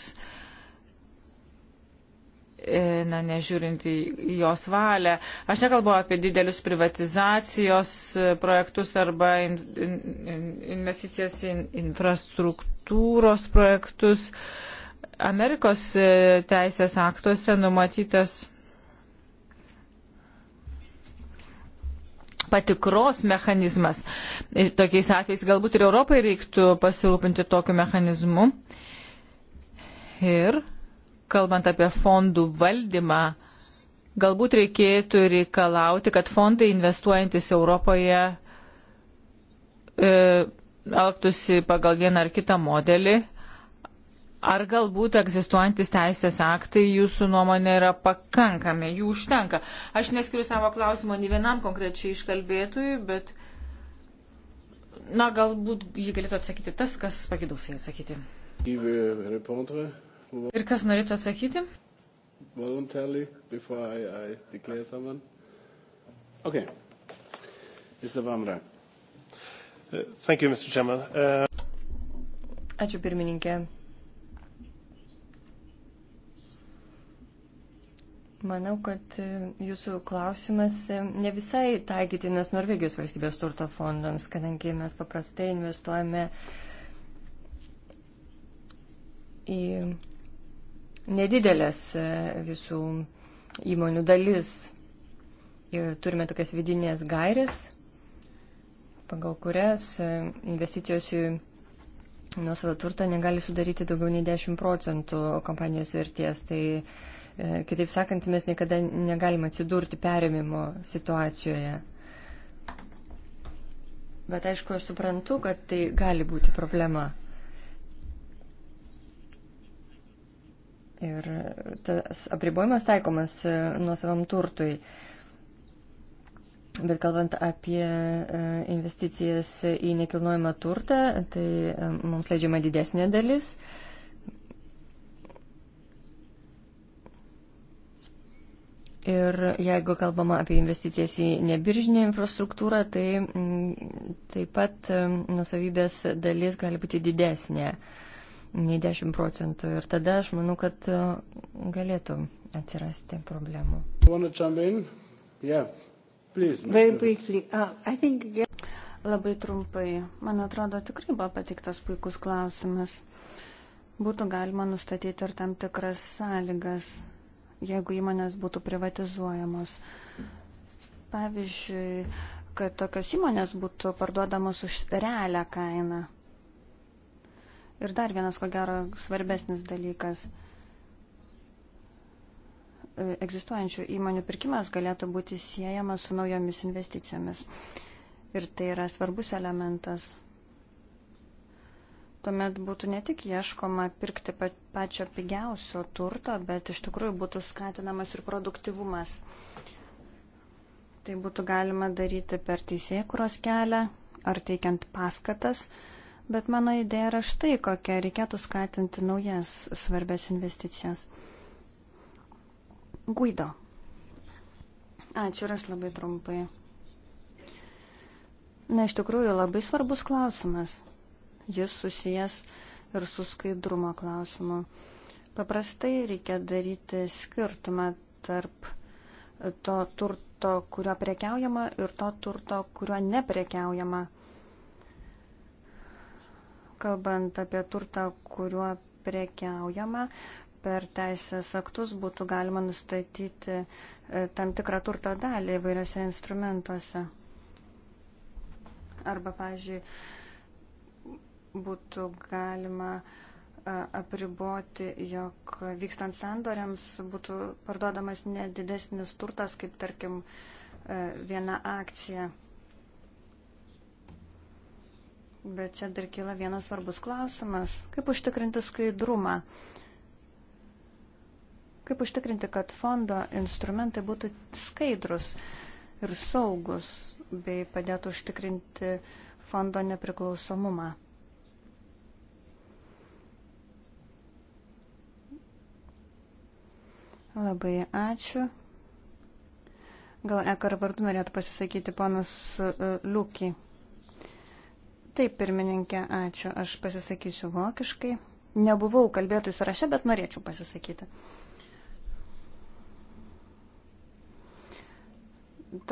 [SPEAKER 1] e, na, nežiūrint į jos valią. Aš nekalbu apie didelius privatizacijos e, projektus arba in, in, investicijas į in infrastruktūros projektus. Amerikos e, teisės aktuose numatytas patikros mechanizmas. Ir tokiais atvejais galbūt ir Europai reiktų pasirūpinti tokiu mechanizmu. Ir kalbant apie fondų valdymą, galbūt reikėtų reikalauti, kad fondai investuojantis Europoje e, elgtųsi pagal vieną ar kitą modelį Ar galbūt egzistuojantis teisės aktai jūsų nuomonė yra pakankami, jų užtenka? Aš neskiriu savo klausimo nei vienam konkrečiai iškalbėtui, bet, na, galbūt jį galėtų atsakyti tas, kas pagidaus jį atsakyti.
[SPEAKER 2] Ir
[SPEAKER 1] kas norėtų atsakyti?
[SPEAKER 2] Voluntarily, before I, I declare someone. Okay. Mr. Vamra. Uh, thank you, Mr. Chairman. Uh...
[SPEAKER 3] Ačiū pirmininkė. Manau, kad e, jūsų klausimas e, ne visai taikytinas Norvegijos valstybės turto fondams, kadangi mes paprastai investuojame į nedidelės e, visų įmonių dalis. Ir turime tokias vidinės gairės, pagal kurias investicijos į nuosavą turtą negali sudaryti daugiau nei 10 procentų kompanijos verties. Tai E, kitaip sakant, mes niekada negalime atsidurti perėmimo situacijoje. Bet aišku, aš suprantu, kad tai gali būti problema. Ir tas apribojimas taikomas e, nuosavam turtui. Bet kalbant apie e, investicijas į nekilnojamą turtą, tai mums leidžiama didesnė dalis. Uh, Ir jeigu kalbama apie investicijas į nebiržinę infrastruktūrą, tai mm, taip pat mm, nusavybės dalis gali būti didesnė nei 10 procentų. Ir tada aš manau, kad mm, galėtų atsirasti problemų.
[SPEAKER 1] Yeah. Please,
[SPEAKER 2] uh, think... Labai trumpai. Man atrodo, tikrai buvo patiktas puikus klausimas. Būtų galima nustatyti ir tam tikras sąlygas jeigu įmonės būtų privatizuojamos. Pavyzdžiui, kad tokios įmonės būtų parduodamos už realią kainą. Ir dar vienas, ko gero, svarbesnis dalykas. E, egzistuojančių įmonių pirkimas galėtų būti siejamas su naujomis investicijomis. Ir tai yra svarbus elementas. Tuomet būtų ne tik ieškoma pirkti pačio pigiausio turto, bet iš tikrųjų būtų skatinamas ir produktivumas. Tai būtų galima daryti per teisėkuros kelią ar teikiant paskatas, bet mano idėja yra štai kokia, reikėtų skatinti naujas svarbės investicijas. Guido. Ačiū ir aš labai trumpai. Na, iš tikrųjų, labai svarbus klausimas jis susijęs ir su skaidrumo klausimu. Paprastai reikia daryti skirtumą tarp to turto, kurio prekiaujama ir to turto, kurio neprekiaujama. Kalbant apie turtą, kuriuo prekiaujama, per teisės aktus būtų galima nustatyti e, tam tikrą turto dalį įvairiose instrumentuose. Arba, pavyzdžiui, būtų galima apriboti, jog vykstant sandoriams būtų parduodamas nedidesnis turtas, kaip tarkim viena akcija. Bet čia dar kyla vienas svarbus klausimas. Kaip užtikrinti skaidrumą? Kaip užtikrinti, kad fondo instrumentai būtų skaidrus ir saugus bei padėtų užtikrinti fondo nepriklausomumą? Labai ačiū. Gal Ekar vardu norėtų pasisakyti ponas e, Liukį. Taip, pirmininkė, ačiū. Aš pasisakysiu vokiškai. Nebuvau kalbėtojų sąraše, bet norėčiau pasisakyti.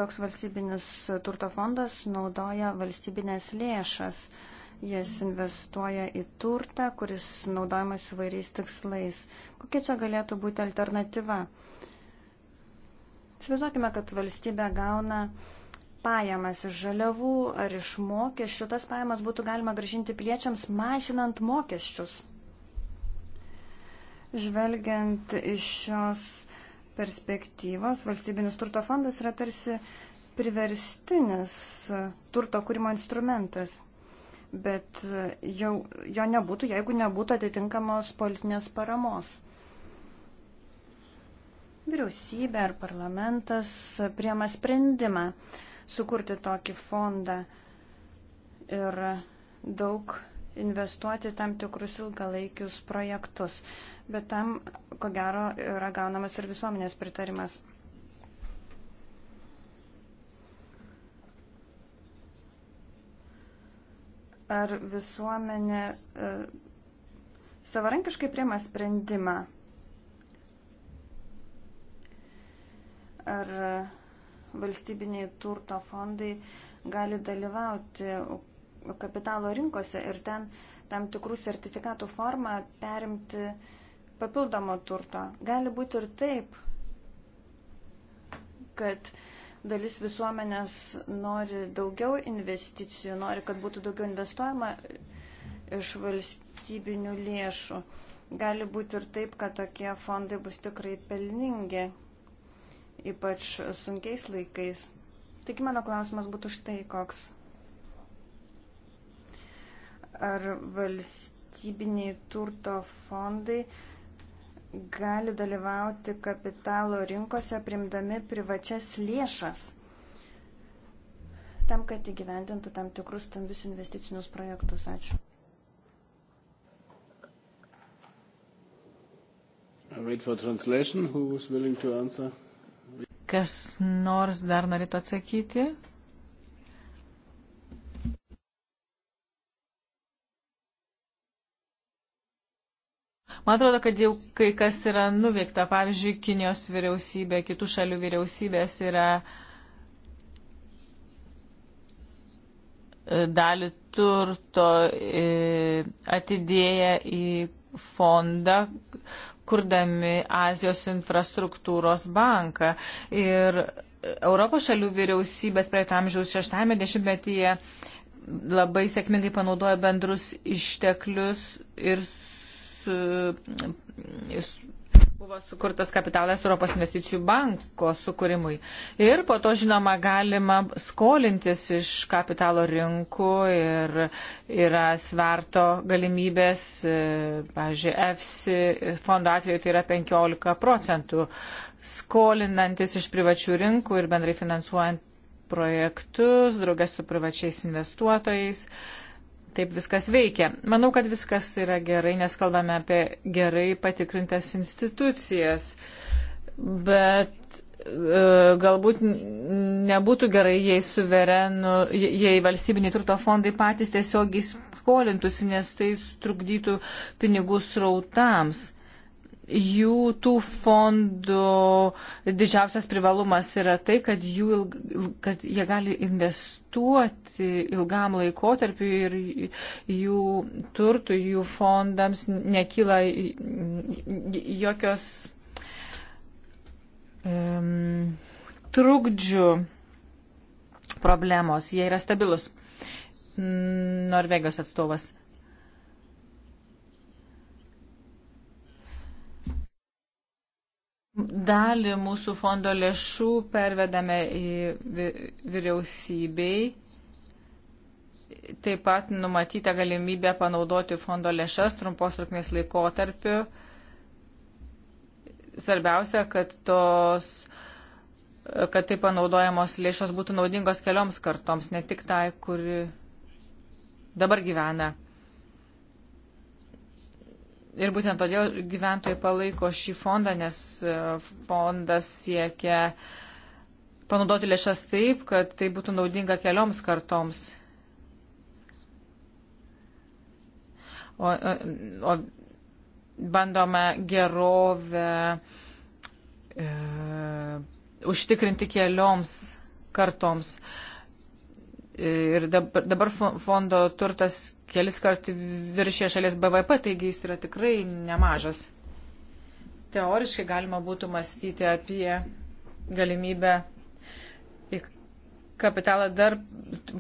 [SPEAKER 2] Toks valstybinis turto fondas naudoja valstybinės lėšas. Uh, jas investuoja į turtą, kuris naudojamas įvairiais tikslais. Kokia čia galėtų būti alternatyva? Įsivaizduokime, kad valstybė gauna pajamas iš žaliavų ar iš mokesčių. Tas pajamas būtų galima gražinti piliečiams, mažinant mokesčius. Žvelgiant iš šios perspektyvos, valstybinis turto fondas yra tarsi priverstinis turto kūrimo instrumentas bet jau, jo nebūtų, jeigu nebūtų atitinkamos politinės paramos. Vyriausybė ar parlamentas priema sprendimą sukurti tokį fondą ir daug investuoti tam tikrus ilgalaikius projektus. Bet tam, ko gero, yra gaunamas ir visuomenės pritarimas. ar visuomenė e, savarankiškai priema sprendimą. Ar valstybiniai turto fondai gali dalyvauti kapitalo rinkose ir ten tam tikrų sertifikatų formą perimti papildomo turto. Gali būti ir taip, kad uh, dalis visuomenės nori daugiau investicijų, nori, kad būtų daugiau investuojama iš valstybinių lėšų. Gali būti ir taip, kad tokie fondai bus tikrai pelningi, ypač sunkiais laikais. Tik mano klausimas būtų štai koks. Ar valstybiniai turto fondai uh, gali dalyvauti kapitalo rinkose primdami privačias lėšas tam, kad įgyvendintų tam tikrus stambius investicinius projektus. Ačiū.
[SPEAKER 1] Kas nors dar norėtų atsakyti? Man atrodo, kad jau kai kas yra nuveikta. Pavyzdžiui, Kinijos vyriausybė, kitų šalių vyriausybės yra e, dalį turto e, atidėję į fondą, kurdami Azijos infrastruktūros banką. Ir Europos šalių vyriausybės prie amžiaus šeštame dešimtmetyje labai sėkmingai panaudoja bendrus išteklius ir su, buvo sukurtas kapitalas Europos investicijų banko sukūrimui. Ir po to, žinoma, galima skolintis iš kapitalo rinkų ir yra sverto galimybės, e, pavyzdžiui, EFSI fondo atveju tai yra 15 procentų, skolinantis iš privačių rinkų ir bendrai finansuojant projektus, draugės su privačiais investuotojais. Uh, taip viskas veikia. Manau, kad viskas yra gerai, nes kalbame apie gerai patikrintas institucijas, bet e, galbūt nebūtų gerai, jei suverenų, jei valstybiniai turto fondai patys tiesiogiai skolintųsi, nes tai trukdytų pinigų srautams jų tų fondų didžiausias privalumas yra tai, kad, jų, kad jie gali investuoti ilgam laikotarpiu ir jų turtų, jų fondams nekyla jokios um, trukdžių problemos, jie yra stabilus. Norvegijos atstovas. Dalį mūsų fondo lėšų pervedame į vyriausybei. Taip pat numatyta galimybė panaudoti fondo lėšas trumpos trukmės laikotarpiu. Svarbiausia, kad, tos, kad taip panaudojamos lėšos būtų naudingos kelioms kartoms, ne tik tai, kuri dabar gyvena. Ir būtent todėl gyventojai palaiko šį fondą, nes e, fondas siekia panaudoti lėšas taip, kad tai būtų naudinga kelioms kartoms. O, o, e, o bandome gerovę e, užtikrinti kelioms kartoms. E, ir dabar, dabar fondo turtas kelis kart viršė šalies BVP, taigi jis yra tikrai nemažas. Teoriškai galima būtų mąstyti apie galimybę kapitalą dar,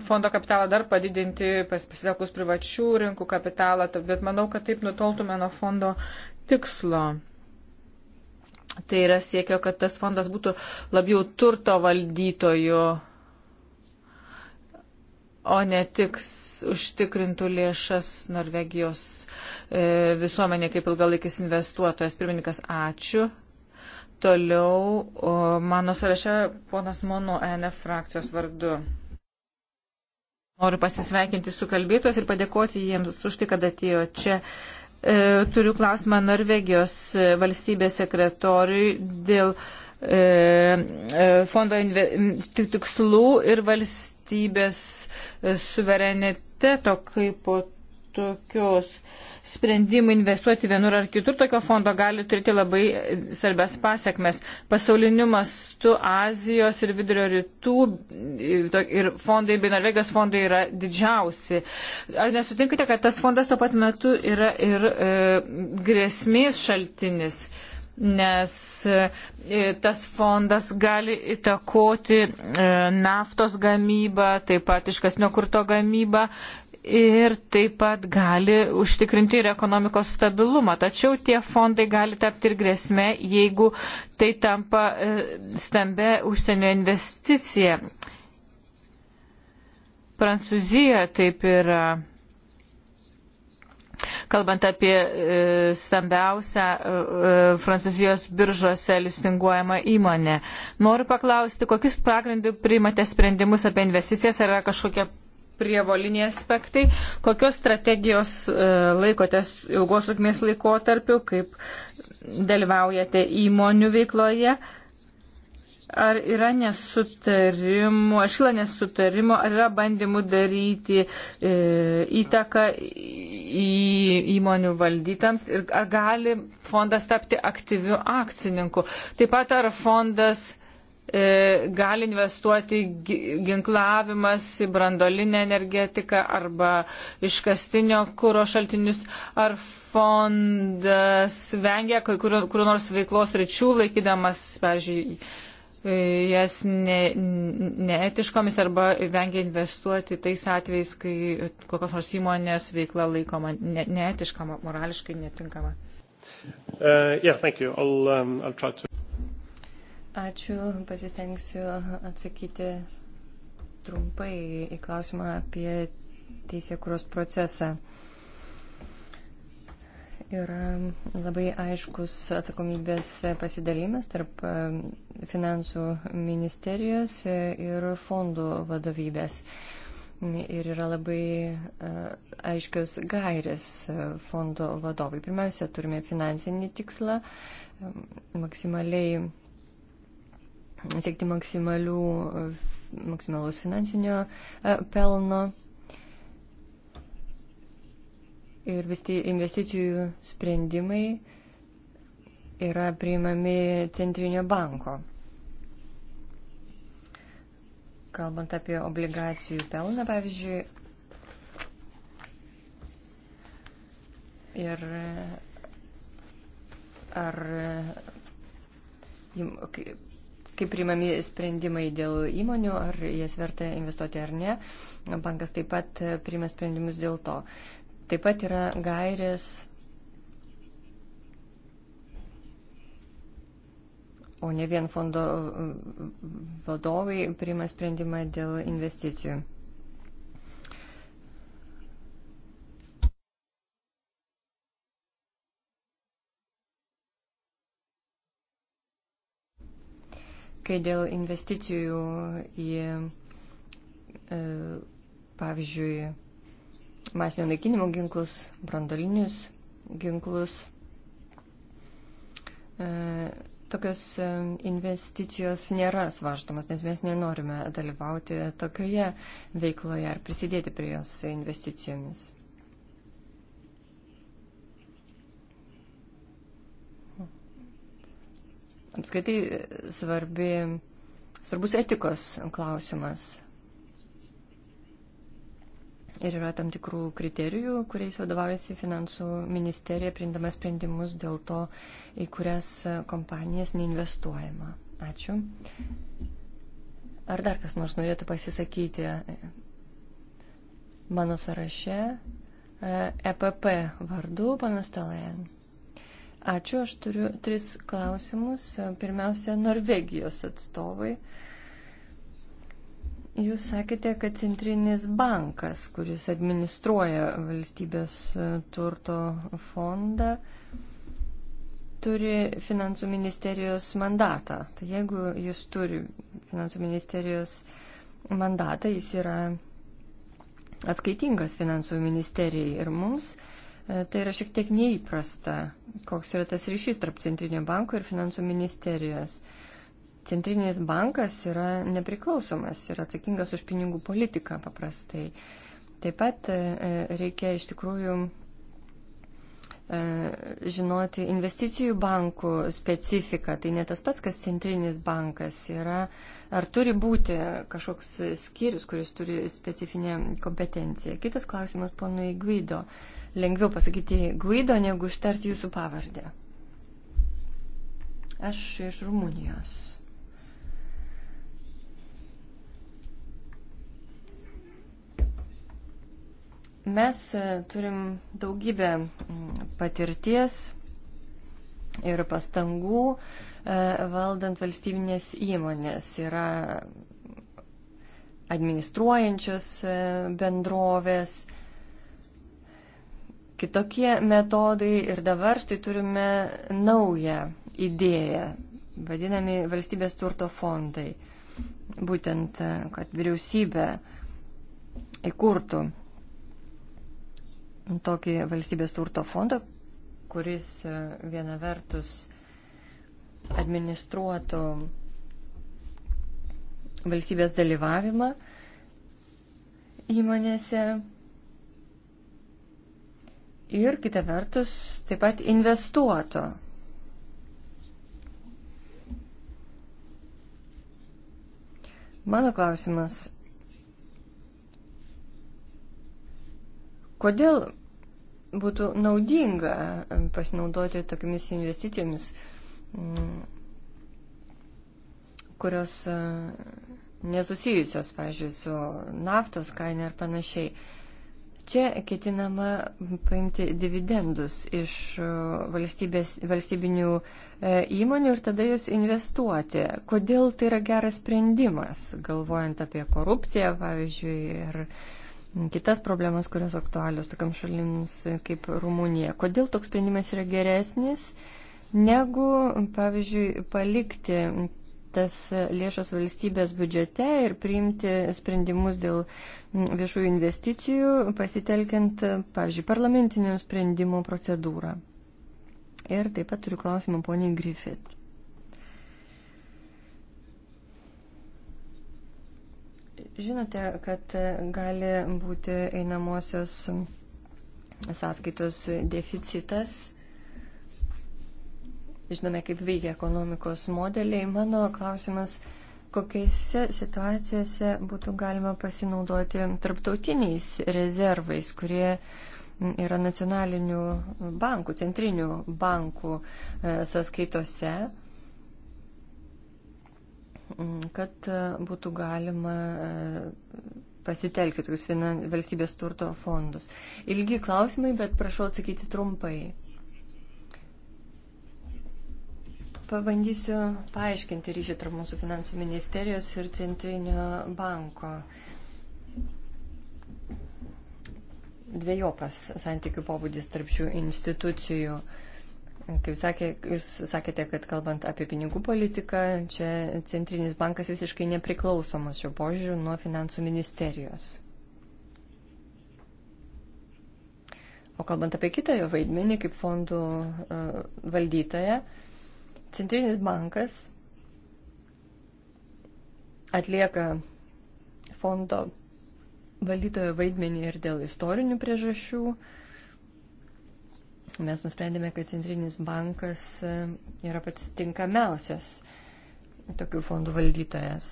[SPEAKER 1] fondo kapitalą dar padidinti, pas, pasitelkus privačių rinkų kapitalą, bet manau, kad taip nutoltume nuo fondo tikslo. Tai yra siekio, kad tas fondas būtų labiau turto valdytojų o ne tik užtikrintų lėšas Norvegijos e, visuomenė kaip ilgalaikis investuotojas. Pirmininkas, ačiū. Toliau o, mano sąraše ponas Mono e NF frakcijos vardu. Noriu pasisveikinti su kalbėtos ir padėkoti jiems už tai, kad atėjo čia. E, turiu klausimą Norvegijos e, valstybės sekretoriui dėl e, E, e, fondo tikslų ir valstybės suvereniteto kaip po tokios sprendimų investuoti vienur ar kitur tokio fondo gali turėti labai svarbias pasiekmes. Pasauliniu mastu Azijos ir Vidurio rytų ir fondai bei Norvegijos fondai yra didžiausi. Ar nesutinkate, kad tas fondas tuo pat metu yra ir e, grėsmės šaltinis? E, nes e, tas fondas gali įtakoti e, naftos gamybą, taip pat iškasnio kurto gamybą ir taip pat gali užtikrinti ir ekonomikos stabilumą. Tačiau tie fondai gali tapti ir grėsmė, jeigu tai tampa e, stambia užsienio investicija. Prancūzijoje taip yra. Kalbant apie e, stambiausią e, e, Prancūzijos biržose listinguojamą įmonę, noriu paklausti, kokius pagrindų priimate sprendimus apie investicijas, ar yra kažkokie prievoliniai aspektai, kokios strategijos laikotės ilgos trukmės laikotarpiu, kaip dalyvaujate įmonių veikloje, ar yra nesutarimų, ar šila nesutarimų, ar yra bandymų daryti e, įtaką į įmonių valdytams ir ar gali fondas tapti aktyviu akcininku. Taip pat ar fondas e, gali investuoti ginklavimas į brandolinę energetiką arba iškastinio kūro šaltinius, ar fondas vengia kai kurio, kurio nors veiklos ryčių laikydamas, pavyzdžiui, jas ne, neetiškomis arba vengia investuoti tais atvejais, kai kokios nors įmonės veikla laikoma ne, neetiška, morališkai netinkama.
[SPEAKER 2] Uh, yeah, I'll, um, I'll to...
[SPEAKER 3] Ačiū, pasistengsiu atsakyti trumpai į klausimą apie teisėkuros procesą. Uh, yra labai aiškus atsakomybės pasidalimas tarp e, finansų ministerijos ir fondų vadovybės. Ir yra labai e, aiškios gairės e, fondo vadovai. Pirmiausia, turime finansinį tikslą, maksimaliai, siekti maksimalių, maksimalus finansinio pelno ir vis tie investicijų sprendimai yra priimami centrinio banko. Kalbant apie obligacijų pelną, pavyzdžiui, ir ar kaip priimami sprendimai dėl įmonių, ar jas verta investuoti ar ne. Bankas taip pat priima sprendimus dėl to. Taip pat yra gairės, o ne vien fondo vadovai priima sprendimą dėl investicijų. Kai dėl investicijų į, e, pavyzdžiui, masinio naikinimo ginklus, brandolinius ginklus. E, tokios e, investicijos nėra svarstomas, nes mes nenorime dalyvauti tokioje veikloje ar prisidėti prie jos investicijomis. Apskaitai e, svarbi, svarbus etikos klausimas Ir yra tam tikrų kriterijų, kuriais vadovaujasi finansų ministerija, priimdama sprendimus dėl to, į kurias kompanijas neinvestuojama. Ačiū. Ar dar kas nors norėtų pasisakyti mano sąraše? EPP e vardu, panas Talajan. Ačiū, aš turiu tris klausimus. Pirmiausia, Norvegijos atstovai. Uh, Jūs sakėte, kad centrinis bankas, kuris administruoja valstybės e, turto fondą, turi finansų ministerijos mandatą. Tai jeigu jis turi finansų ministerijos mandatą, jis yra atskaitingas finansų ministerijai ir mums. E, tai yra šiek tiek neįprasta, koks yra tas ryšys tarp Centrinio banko ir finansų ministerijos. Uh, Centrinis bankas yra nepriklausomas ir atsakingas už pinigų politiką paprastai. Taip pat e, e, reikia iš tikrųjų e, žinoti investicijų bankų specifiką. Tai ne tas pats, kas centrinis bankas yra. Ar turi būti kažkoks skyrius, kuris turi specifinę kompetenciją? Kitas klausimas ponui Guido. Lengviau pasakyti Guido, negu ištarti jūsų pavardę. Aš iš Rumunijos. Mes e, turim daugybę patirties ir pastangų e, valdant valstybinės įmonės. Yra administruojančios e, bendrovės, kitokie metodai ir dabar štai turime naują idėją, vadinami valstybės turto fondai. Būtent, kad vyriausybė įkurtų tokį valstybės turto fondą, kuris e, viena vertus administruotų valstybės dalyvavimą įmonėse ir kita vertus taip pat investuotų. Mano klausimas Kodėl būtų naudinga e, pasinaudoti tokiamis investicijomis, mm, kurios e, nesusijusios, pavyzdžiui, su naftos kaina ir panašiai. Čia ketinama paimti dividendus iš e, valstybinių įmonių ir tada jūs investuoti. Kodėl tai yra geras sprendimas, galvojant apie korupciją, pavyzdžiui, ir. Er, kitas problemas, kurios aktualios tokiam šalims kaip Rumunija. Kodėl toks sprendimas yra geresnis negu, pavyzdžiui, palikti tas lėšas valstybės biudžete ir priimti sprendimus dėl viešųjų investicijų, pasitelkiant, pavyzdžiui, parlamentinių sprendimų procedūrą. Ir taip pat turiu klausimą poniai Griffith. Žinote, kad gali būti einamosios sąskaitos deficitas. Žinome, kaip veikia ekonomikos modeliai. Mano klausimas, kokiuose situacijose būtų galima pasinaudoti tarptautiniais rezervais, kurie yra nacionalinių bankų, centrinių bankų e, sąskaitose kad e, būtų galima e, pasitelkti tokius valstybės turto fondus. Ilgi klausimai, bet prašau atsakyti trumpai. Pabandysiu paaiškinti ryšį tarp mūsų finansų ministerijos ir centrinio banko. Dviejopas santykių pobūdis tarp šių institucijų. Kaip sakė, jūs sakėte, kad kalbant apie pinigų politiką, čia Centrinis bankas visiškai nepriklausomas šio požiūriu nuo finansų ministerijos. O kalbant apie kitą jo vaidmenį kaip fondų uh, e, valdytoje, Centrinis bankas atlieka fondo valdytojo vaidmenį ir dėl istorinių priežasčių. Uh, mes nusprendėme, kad centrinis bankas e, yra pats tinkamiausias tokių fondų valdytojas.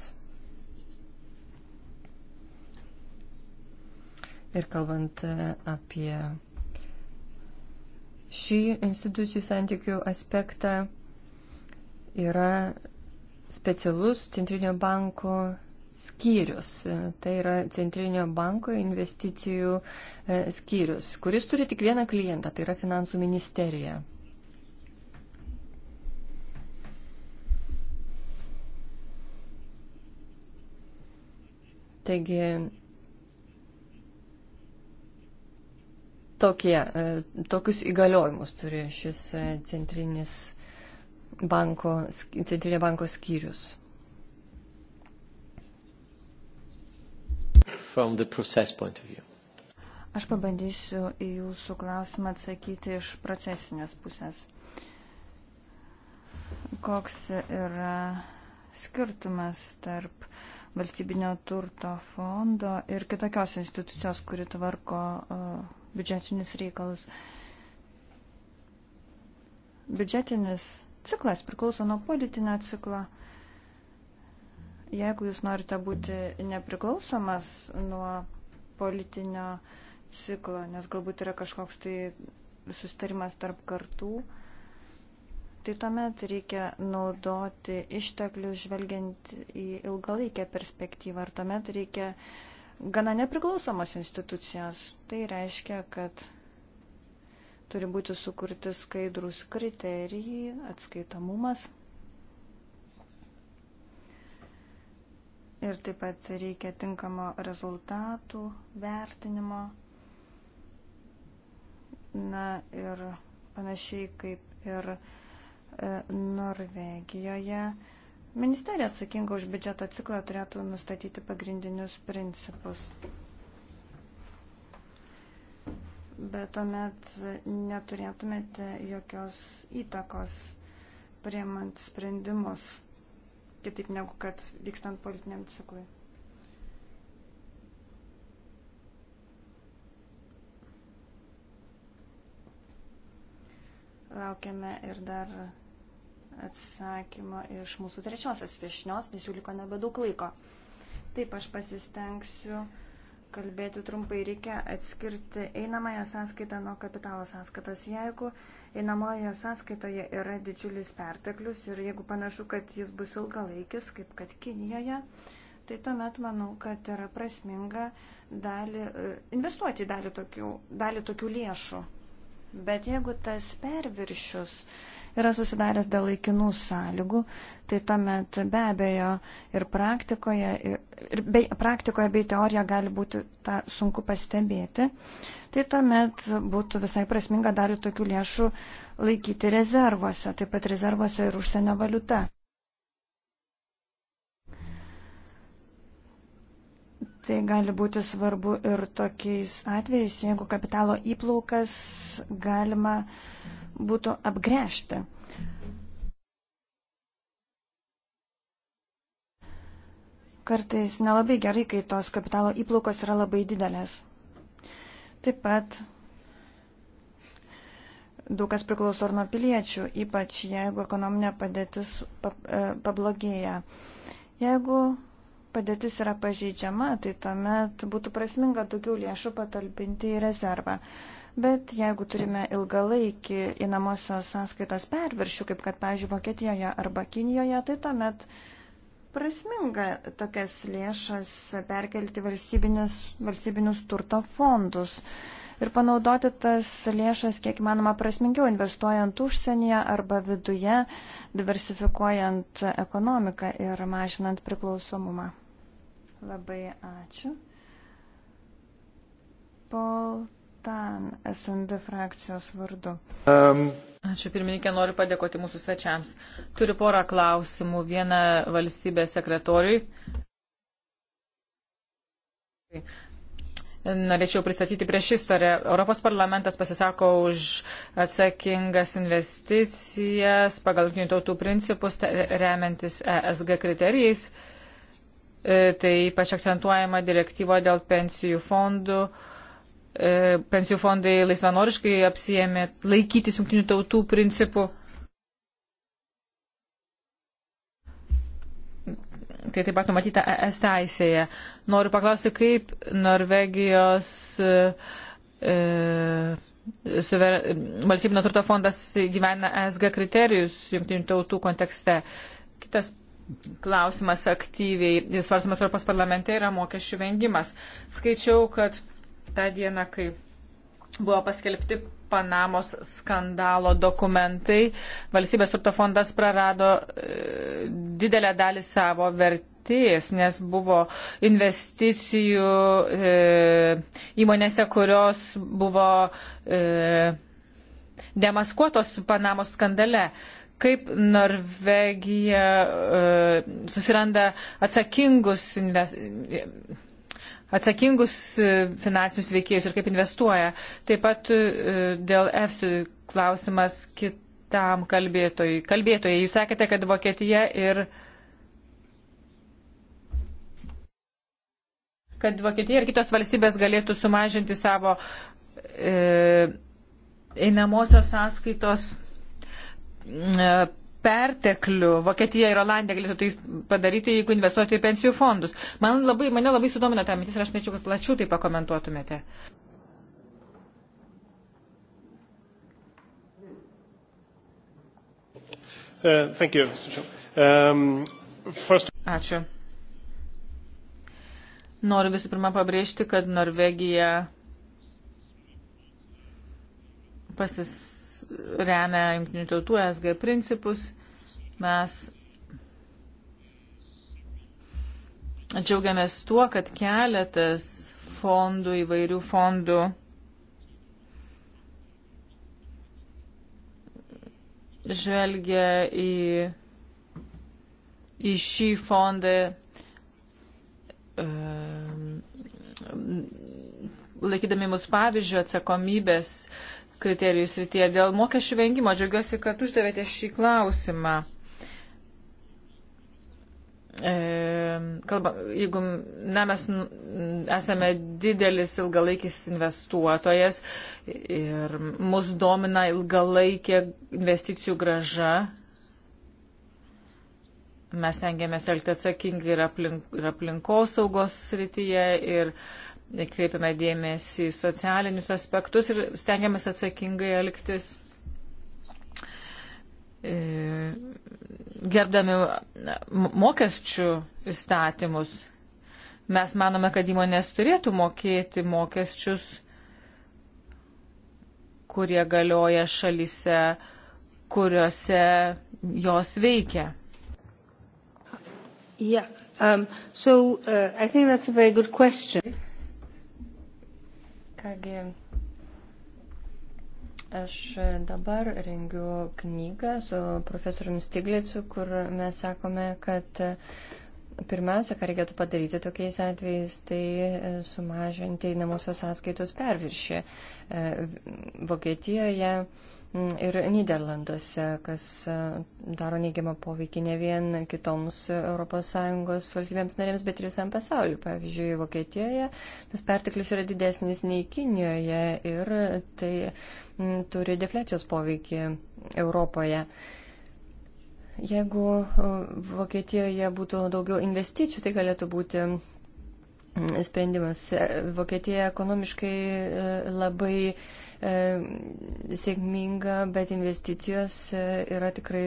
[SPEAKER 3] Ir kalbant e, apie šį institucijų santykių aspektą, yra specialus centrinio banko skyrius. Tai yra Centrinio banko investicijų e, skyrius, kuris turi tik vieną klientą, tai yra Finansų ministerija. Taigi tokie, e, tokius įgaliojimus turi šis e, centrinis banko, centrinė
[SPEAKER 2] banko skyrius.
[SPEAKER 3] from the process point of view.
[SPEAKER 2] Aš pabandysiu į jūsų klausimą atsakyti iš procesinės pusės. Koks yra skirtumas tarp valstybinio turto fondo ir kitokios institucijos, kuri tvarko uh, biudžetinius reikalus? Biudžetinis ciklas priklauso nuo politinio ciklo. Uh, Jeigu jūs norite būti nepriklausomas nuo politinio ciklo, nes galbūt yra kažkoks tai sustarimas tarp kartų, tai tuomet reikia naudoti išteklius žvelgiant į ilgalaikę perspektyvą ir tuomet reikia gana nepriklausomos institucijos. Tai reiškia, kad turi būti sukurti skaidrus kriterijai, atskaitamumas. ir taip pat reikia tinkamo rezultatų vertinimo. Na ir panašiai kaip ir e, Norvegijoje. Ministerija atsakinga už biudžeto ciklą turėtų nustatyti pagrindinius principus. Bet tuomet neturėtumėte jokios įtakos priemant sprendimus kitaip negu kad vykstant politiniam ciklui. Laukiame ir dar atsakymo iš mūsų trečiosios viešnios, nes jų liko nebedaug laiko. Taip, aš pasistengsiu uh, kalbėti trumpai, reikia atskirti einamąją sąskaitą nuo kapitalo sąskaitos. Jeigu einamoje sąskaitoje yra didžiulis perteklius ir jeigu panašu, kad jis bus ilgalaikis, kaip kad Kinijoje, tai tuomet manau, kad yra prasminga dalį, e, investuoti dalį tokių, dalį tokių lėšų. Bet jeigu tas perviršius yra susidaręs dėl laikinų sąlygų, tai tuomet be abejo ir praktikoje, ir ir bei, praktikoje bei teorijoje gali būti tą sunku pastebėti, tai tuomet būtų visai prasminga dalį tokių lėšų laikyti rezervuose, taip pat rezervuose ir užsienio valiuta. Tai gali būti svarbu ir tokiais atvejais, jeigu kapitalo įplaukas galima būtų apgręžti. Kartais nelabai gerai, kai tos kapitalo įplaukos yra labai didelės. Taip pat daug kas priklauso ir nuo piliečių, ypač jeigu ekonominė padėtis e, pablogėja. Jeigu padėtis yra pažeidžiama, tai tuomet būtų prasminga daugiau lėšų patalpinti į rezervą. Bet jeigu turime ilgalaikį įnamosios sąskaitos perviršių, kaip kad, pavyzdžiui, Vokietijoje arba Kinijoje, tai tuomet uh, prasminga tokias lėšas perkelti valstybinius, valstybinius turto fondus ir panaudoti tas lėšas kiek įmanoma prasmingiau, investuojant užsienyje arba viduje, diversifikuojant ekonomiką ir mažinant priklausomumą. Labai ačiū.
[SPEAKER 1] Paul Tan, SND frakcijos vardu. Um. Ačiū pirmininkė, noriu padėkoti mūsų svečiams. Turiu porą klausimų. Vieną valstybės sekretoriui. Norėčiau pristatyti prieš istorę. Europos parlamentas pasisako už atsakingas investicijas pagal jungtinių tautų principus, remiantis ESG kriterijais. E, tai ypač akcentuojama direktyva dėl pensijų fondų. Uh, E, pensijų fondai laisvanoriškai apsijėmė laikytis jungtinių tautų principų. Tai taip pat numatyta ES teisėje. Noriu paklausti, kaip Norvegijos e, e suver, valstybinio turto fondas gyvena ESG kriterijus jungtinių tautų kontekste. Kitas klausimas aktyviai svarstamas Europos parlamente yra mokesčių vengimas. Skaičiau, kad tą dieną, kai buvo paskelbti Panamos skandalo dokumentai, valstybės turto fondas prarado e, didelę dalį savo vertės, nes buvo investicijų e, įmonėse, kurios buvo e, demaskuotos Panamos skandale. Kaip Norvegija e, susiranda atsakingus investicijų atsakingus e, finansinius veikėjus ir kaip investuoja. Taip pat e, dėl EFSI klausimas kitam kalbėtojui. Kalbėtojai, jūs sakėte, kad Vokietija ir. kad Vokietija ir kitos valstybės galėtų sumažinti savo e, einamosios sąskaitos e, perteklių Vokietija ir Olandija galėtų tai padaryti, jeigu investuoti į pensijų fondus. Man labai, mane labai sudomino ta mintis ir aš norėčiau, kad plačiau tai pakomentuotumėte. Uh, thank you. Um, first... Ačiū. Noriu visų pirma pabrėžti, kad Norvegija pasis remia jungtinių tautų SG principus. Mes džiaugiamės tuo, kad keletas fondų, įvairių fondų žvelgia į, į šį fondą ehm, laikydami mūsų pavyzdžių atsakomybės kriterijų srityje. Dėl mokesčių vengimo džiaugiuosi, kad uždavėte šį klausimą. E, kalba, jeigu na, mes esame didelis ilgalaikis investuotojas ir mus domina ilgalaikė investicijų graža, mes engiamės elgti atsakingai ir, aplink, ir aplinkosaugos srityje ir uh, kreipiame dėmesį į socialinius aspektus ir stengiamės atsakingai elgtis, e, gerbdami mokesčių įstatymus. Mes manome, kad įmonės turėtų mokėti mokesčius, kurie galioja šalyse, kuriuose jos veikia. Yeah. Um, so, uh,
[SPEAKER 3] Kągi, aš dabar rengiu knygą su profesoriumi Stiglicu, kur mes sakome, kad pirmiausia, ką reikėtų padaryti tokiais atvejais, tai sumažinti einamosios sąskaitos perviršį. Vokietijoje Mm, ir Niderlanduose, kas e, daro neigiamą poveikį ne vien kitoms ES valstybėms narėms, bet ir visam pasauliu. Pavyzdžiui, Vokietijoje tas perteklius yra didesnis nei Kinijoje ir tai mm, turi deflecijos poveikį Europoje. Jeigu e, Vokietijoje būtų daugiau investicijų, tai galėtų būti mm, sprendimas. E, Vokietija ekonomiškai labai E, sėkminga, bet investicijos e, yra tikrai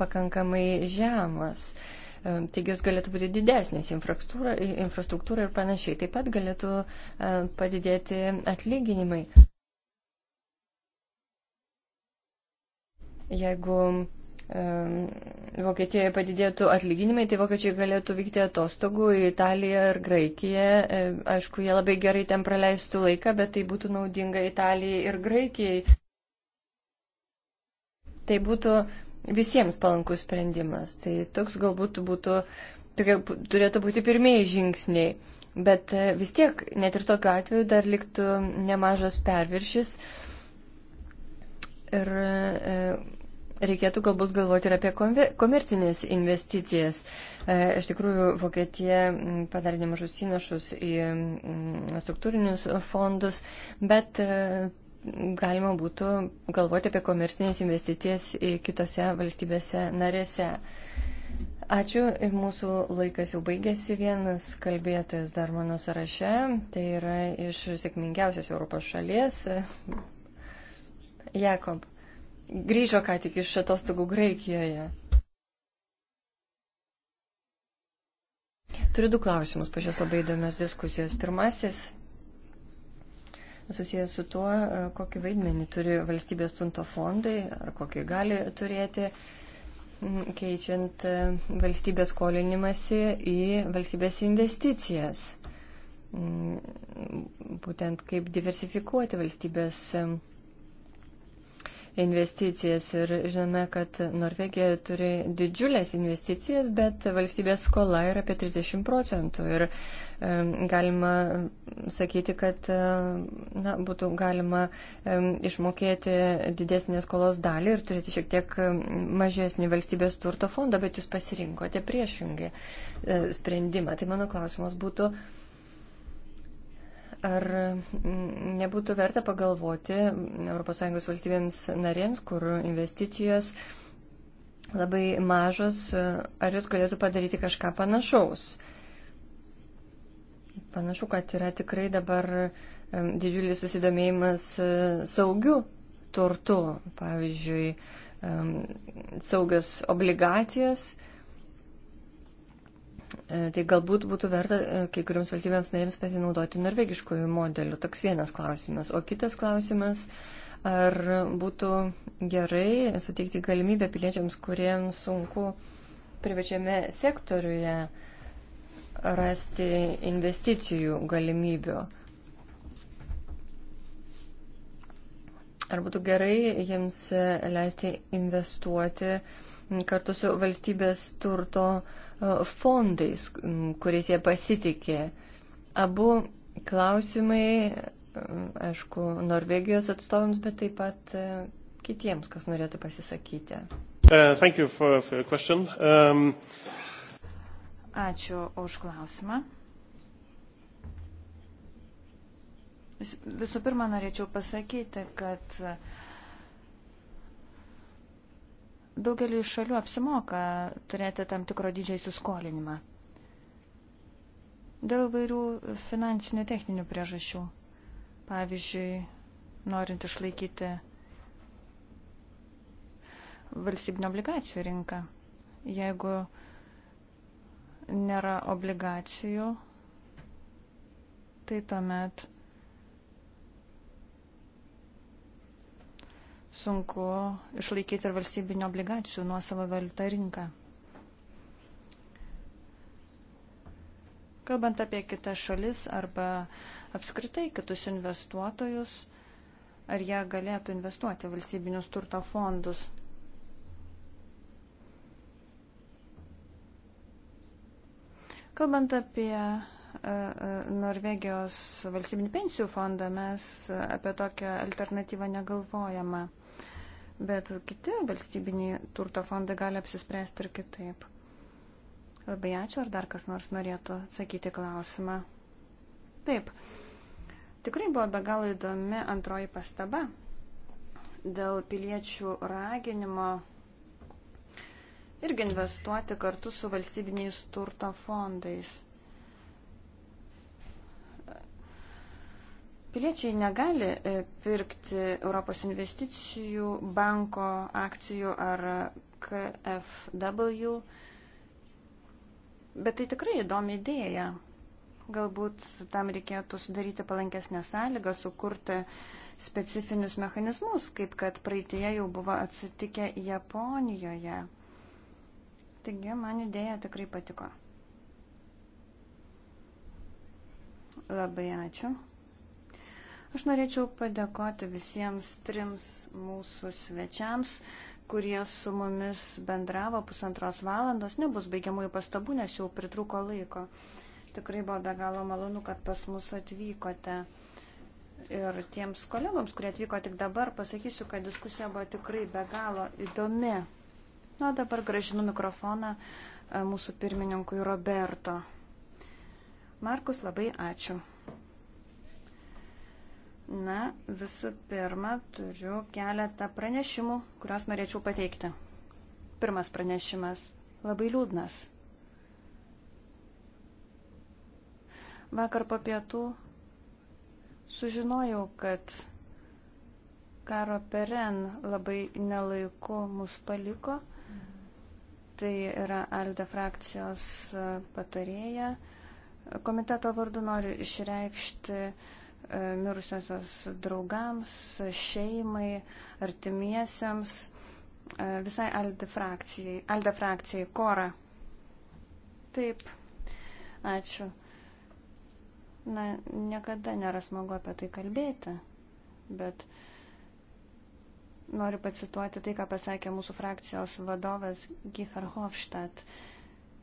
[SPEAKER 3] pakankamai žemos. E, taigi jos galėtų būti didesnės infrastruktūra, infrastruktūra ir panašiai. Taip pat galėtų padidėti atlyginimai. Jeigu Vokietijoje padidėtų atlyginimai, tai vokiečiai galėtų vykti atostogų į Italiją ir Graikiją. Aišku, jie labai gerai ten praleistų laiką, bet tai būtų naudinga Italijai ir Graikijai. Tai būtų visiems palankus sprendimas. Tai toks galbūt būtų, tokia, turėtų būti pirmieji žingsniai. Bet e, vis tiek, net ir tokiu atveju, dar liktų nemažas perviršis. Ir, e, reikėtų galbūt galvoti ir apie komercinės investicijas. E, iš tikrųjų, Vokietija padarė nemažus įnašus į struktūrinius fondus, bet e, galima būtų galvoti apie komercinės investicijas kitose valstybėse narėse. Ačiū, mūsų laikas jau baigėsi. Vienas kalbėtojas dar mano sąraše, tai yra iš sėkmingiausios Europos šalies, Jakob grįžo ką tik iš atostogų Graikijoje. Turiu du klausimus po šios labai įdomios diskusijos. Pirmasis susijęs su tuo, e, kokį vaidmenį turi valstybės tunto fondai ar kokį gali turėti, keičiant e, valstybės skolinimąsi į valstybės investicijas. Būtent kaip diversifikuoti valstybės investicijas ir žinome, kad Norvegija turi didžiulės investicijas, bet valstybės skola yra apie 30 procentų ir galima sakyti, kad na, būtų galima išmokėti didesnės skolos dalį ir turėti šiek tiek mažesnį valstybės turto fondą, bet jūs pasirinkote priešingai e, sprendimą. Tai mano klausimas būtų, Ar mm, nebūtų verta pagalvoti ES valstybėms narėms, kur investicijos labai mažos, ar jūs galėtų padaryti kažką panašaus? Panašu, kad yra tikrai dabar didžiulis susidomėjimas e, saugiu turtu, pavyzdžiui, saugios obligacijos E, tai galbūt būtų verta e, kai kuriams valstybėms narėms pasinaudoti norvegiškojų modelių. Toks vienas klausimas. O kitas klausimas, ar būtų gerai suteikti galimybę piliečiams, kuriems sunku privačiame sektoriuje rasti investicijų galimybių. Ar būtų gerai jiems leisti investuoti kartu su valstybės turto uh, fondais, kuriais jie pasitikė. Abu klausimai, aišku, Norvegijos atstovams, bet taip pat e, kitiems, kas norėtų pasisakyti.
[SPEAKER 2] Uh, for, for um... Ačiū už klausimą. Visų pirma, norėčiau pasakyti, kad uh, Daugelį šalių apsimoka turėti tam tikro dydžio įsiskolinimą. Dėl vairių finansinių techninių priežasčių. Pavyzdžiui, norint išlaikyti valstybinio obligacijų rinką. Jeigu nėra obligacijų, tai tuomet sunku išlaikyti ir valstybinio obligacijų nuo savo valiutą rinką. Kalbant apie kitas šalis arba apskritai kitus investuotojus, ar jie galėtų investuoti valstybinius turto fondus. Kalbant apie e, e, Norvegijos valstybinį pensijų fondą, mes apie tokią alternatyvą negalvojame bet kiti valstybiniai turto fondai gali apsispręsti ir kitaip. Labai ačiū, ar dar kas nors norėtų atsakyti klausimą. Taip, tikrai buvo be galo įdomi antroji pastaba dėl piliečių raginimo irgi investuoti kartu su valstybiniais turto fondais. piliečiai negali e, pirkti Europos investicijų banko akcijų ar KFW, bet tai tikrai įdomi idėja. Galbūt tam reikėtų sudaryti palankesnę sąlygą, sukurti specifinius mechanizmus, kaip kad praeitie jau buvo atsitikę Japonijoje. Taigi, man idėja tikrai patiko. Labai ačiū. Aš norėčiau padėkoti visiems trims mūsų svečiams, kurie su mumis bendravo pusantros valandos. Nebus baigiamųjų pastabų, nes jau pritruko laiko. Tikrai buvo be galo malonu, kad pas mus atvykote. Ir tiems kolegoms, kurie atvyko tik dabar, pasakysiu, kad diskusija buvo tikrai be galo įdomi. Na, dabar gražinu mikrofoną e, mūsų pirmininkui Roberto. Markus, labai ačiū. Na, visų pirma, turiu keletą pranešimų, kuriuos norėčiau pateikti. Pirmas pranešimas - labai liūdnas. Vakar po pietų sužinojau, kad Karo Peren labai nelaiku mus paliko. Tai yra Alde frakcijos patarėja. Komiteto vardu noriu išreikšti uh, E, mirusiosios draugams, šeimai, artimiesiems, e, visai Alde frakcijai, Alde frakcijai, Kora. Taip, ačiū. Na, niekada nėra smagu apie tai kalbėti, bet noriu pacituoti tai, ką pasakė mūsų frakcijos vadovas Gifer Hofstadt. Uh,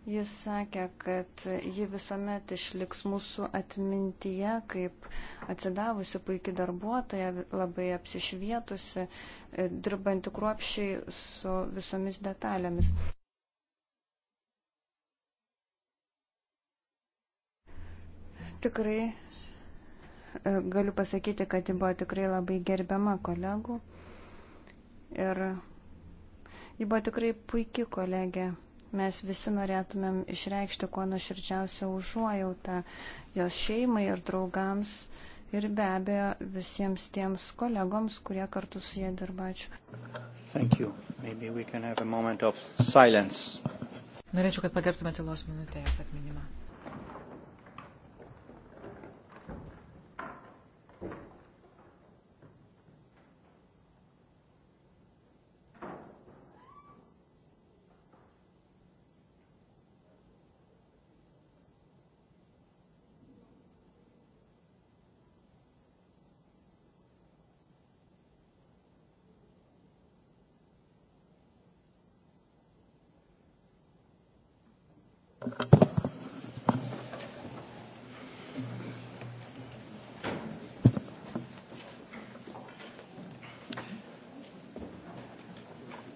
[SPEAKER 2] Jis sakė, kad ji visuomet išliks mūsų atmintyje kaip atsidavusi puikiai darbuotoja, labai apsišvietusi, e, dirbanti kruopščiai su visomis detalėmis. Tikrai e, galiu pasakyti, kad ji buvo tikrai labai gerbiama kolegų ir ji buvo tikrai puikia kolegė Mes visi norėtumėm išreikšti kuo nuoširdžiausią užuojautą jos šeimai ir draugams ir be abejo visiems tiems kolegoms, kurie kartu su jie dirba. Ačiū.
[SPEAKER 1] Norėčiau, kad pagerbtume tylos minutėjas atminimą.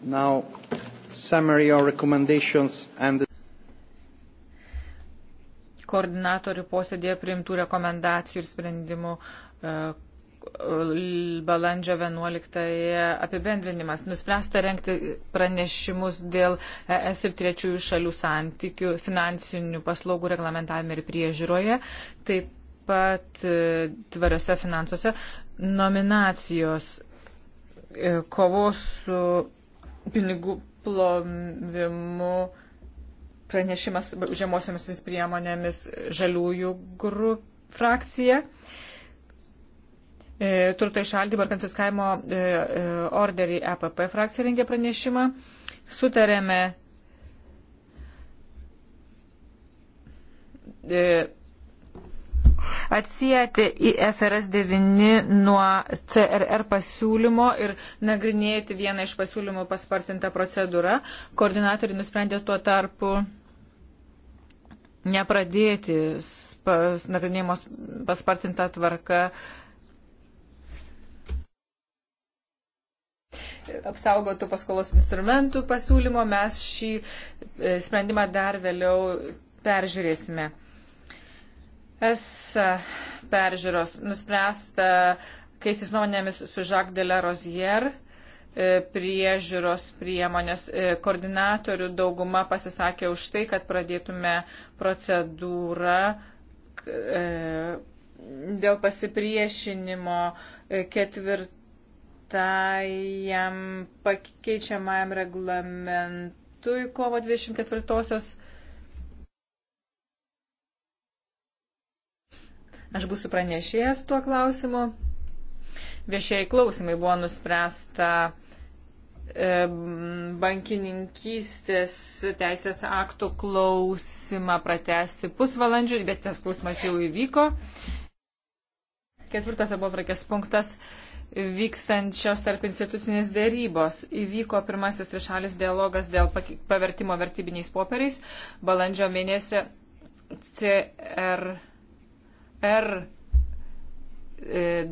[SPEAKER 2] Now, summary or recommendations and
[SPEAKER 1] koordinatorių posėdėje priimtų rekomendacijų ir sprendimų e, balandžio 11 apibendrinimas. Nuspręsta renkti pranešimus dėl ES ir trečiųjų šalių santykių, finansinių paslaugų reglamentavime ir priežiūroje, taip pat e, tvariose finansuose nominacijos e, kovos su pinigų plovimu pranešimas žemosiomis priemonėmis žaliųjų grup, frakcija. E, turto išaldymo ir konfiskavimo e, e, orderį EPP frakcija rengė pranešimą. Sutarėme e, atsijėti į FRS 9 nuo CRR pasiūlymo ir nagrinėti vieną iš pasiūlymų paspartintą procedūrą. Koordinatoriai nusprendė tuo tarpu nepradėti pas, nagrinėjimos paspartintą tvarką apsaugotų paskolos instrumentų pasiūlymo, mes šį e, sprendimą dar vėliau peržiūrėsime. ESA peržiūros nuspręsta keistis nuomonėmis su Jacques de la Rosière e, priežiūros priemonės e, koordinatorių dauguma pasisakė už tai, kad pradėtume procedūrą e, dėl pasipriešinimo ketvirtajam pakeičiamajam reglamentui kovo 24-osios Aš būsiu pranešėjęs tuo klausimu. Viešieji klausimai buvo nuspręsta e, bankininkystės teisės aktų klausimą pratesti pusvalandžių, bet tas klausimas jau įvyko. Ketvirtas buvo prakės punktas vykstančios tarp institucinės dėrybos. Įvyko pirmasis trišalis dialogas dėl pavertimo vertybiniais popieriais balandžio mėnesį CR R e,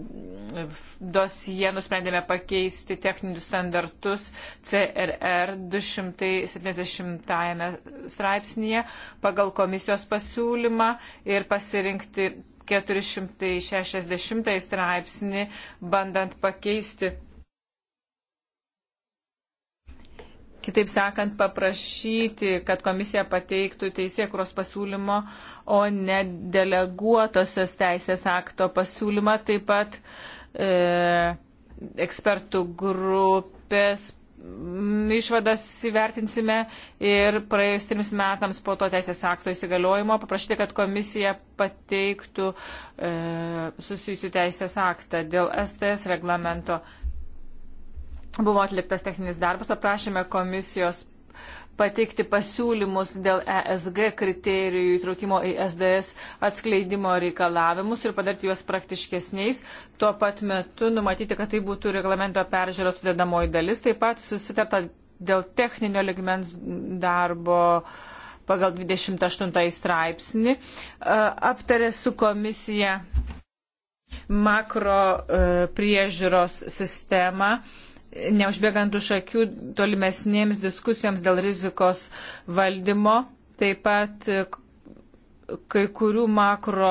[SPEAKER 1] dosiją nusprendėme pakeisti techninius standartus CRR 270 straipsnėje pagal komisijos pasiūlymą ir pasirinkti 460 straipsnį, bandant pakeisti Kitaip sakant, paprašyti, kad komisija pateiktų teisėkros pasiūlymo, o ne deleguotosios teisės akto pasiūlymą. Taip pat e, ekspertų grupės išvadas įvertinsime ir praėjus trims metams po to teisės akto įsigaliojimo paprašyti, kad komisija pateiktų e, susijusių teisės aktą dėl STS reglamento. Buvo atliktas techninis darbas, aprašėme komisijos pateikti pasiūlymus dėl ESG kriterijų įtraukimo į SDS atskleidimo reikalavimus ir padarti juos praktiškesniais. Tuo pat metu numatyti, kad tai būtų reglamento peržiūros sudėdamoji dalis. Taip pat susitarta dėl techninio ligmens darbo pagal 28 straipsnį. Aptarė su komisija makro e, priežiūros sistemą neužbėgant už akių tolimesnėms diskusijoms dėl rizikos valdymo, taip pat e, kai kurių makro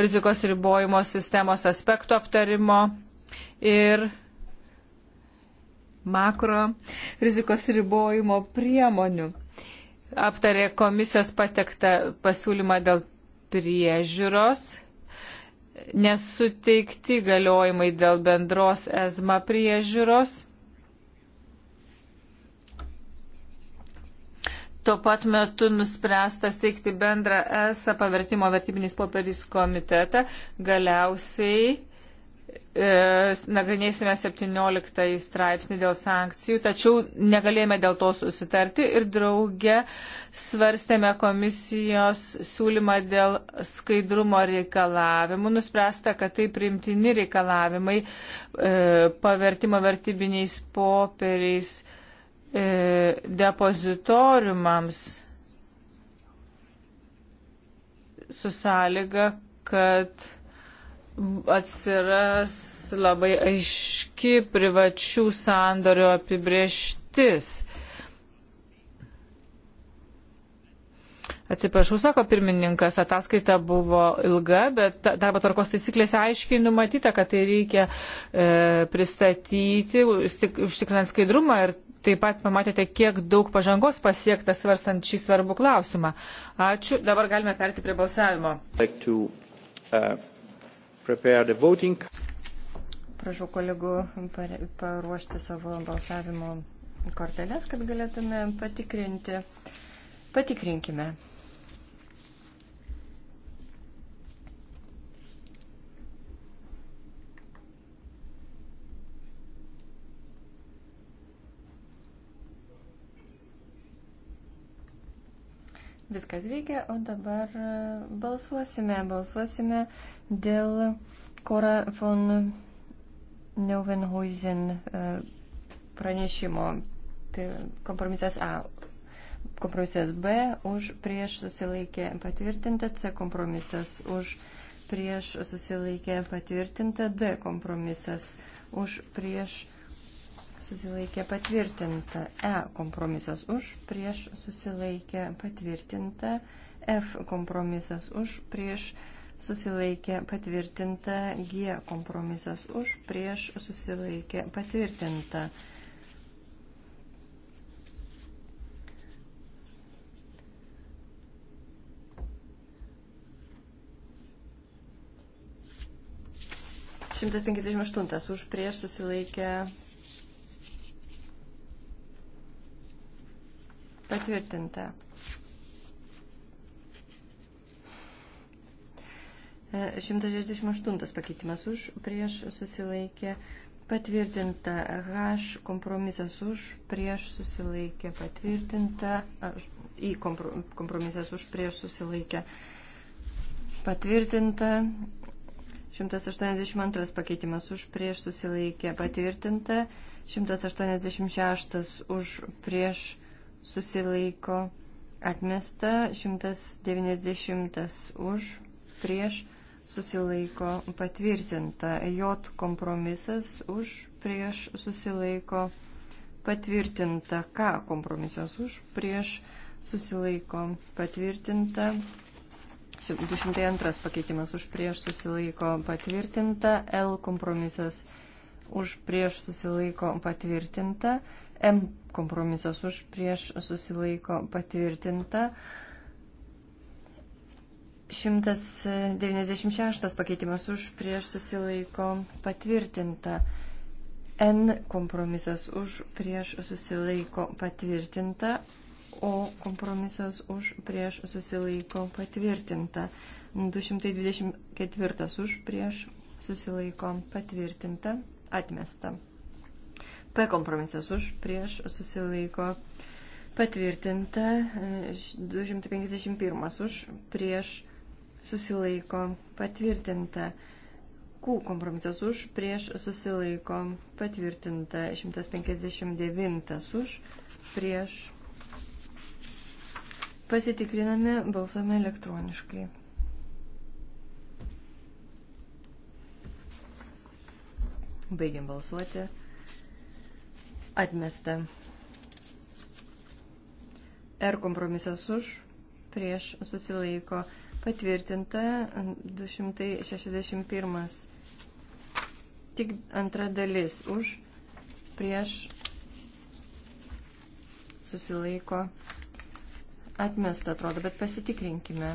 [SPEAKER 1] rizikos ribojimo sistemos aspektų aptarimo ir makro rizikos ribojimo priemonių. Aptarė komisijos patektą pasiūlymą dėl priežiūros, nesuteikti galiojimai dėl bendros esma priežiūros tuo pat metu nuspręsta steigti bendrą ESA pavertimo vertybiniais popieriais komitetą. Galiausiai e, nagrinėsime 17 straipsnį dėl sankcijų, tačiau negalėjome dėl to susitarti ir drauge svarstėme komisijos siūlymą dėl skaidrumo reikalavimų. Nuspręsta, kad tai primtini reikalavimai e, pavertimo vertybiniais popieriais E, depozitoriumams su sąlyga, kad atsiras labai aiški privačių sandorio apibrieštis. Atsiprašau, sako pirmininkas, ataskaita buvo ilga, bet darbo tvarkos taisyklėse aiškiai numatyta, kad tai reikia e, pristatyti, užtikrinant skaidrumą ir taip pat pamatėte, kiek daug pažangos pasiektas svarstant šį svarbų klausimą. Ačiū. Dabar galime perti prie balsavimo.
[SPEAKER 2] Like to, uh,
[SPEAKER 1] Prašau
[SPEAKER 3] kolegų paruošti savo balsavimo korteles, kad galėtume patikrinti. Patikrinkime. Viskas veikia, o dabar balsuosime. Balsuosime dėl Kora von Neuvenhuizen e, pranešimo. Kompromisas A. Kompromisas B už prieš susilaikė patvirtinta, C kompromisas už prieš susilaikė patvirtinta, D kompromisas už prieš susilaikė patvirtinta. E kompromisas už, prieš susilaikė patvirtinta. F kompromisas už, prieš susilaikė patvirtinta. G kompromisas už, prieš susilaikė patvirtinta. Šimtas penkiasdešimt aštuntas už prieš susilaikė Patvirtinta. E, 168 pakeitimas už, prieš susilaikė patvirtinta. H kompromisas už, prieš susilaikė patvirtinta. Į e, kompromisas už, prieš susilaikė patvirtinta. 182 pakeitimas už prieš susilaikė patvirtinta, 186 už prieš susilaiko atmesta, 190 už, prieš susilaiko patvirtinta, J kompromisas už, prieš susilaiko patvirtinta, K kompromisas už, prieš susilaiko patvirtinta. 202 pakeitimas už prieš susilaiko patvirtinta, L kompromisas už prieš susilaiko patvirtinta, M kompromisas už prieš susilaiko patvirtinta. 196 pakeitimas už prieš susilaiko patvirtinta. N kompromisas už prieš susilaiko patvirtinta. O kompromisas už prieš susilaiko patvirtinta. 224 už prieš susilaiko patvirtinta. Atmesta. P kompromisas už prieš susilaiko patvirtinta. 251 e, už prieš susilaiko patvirtinta. Q kompromisas už prieš susilaiko patvirtinta. 159 už prieš. Pasitikriname, balsuome elektroniškai. Baigiam balsuoti. Atmesta. R kompromisas už, prieš susilaiko. Patvirtinta 261. Tik antra dalis už, prieš susilaiko. Atmesta atrodo, bet pasitikrinkime.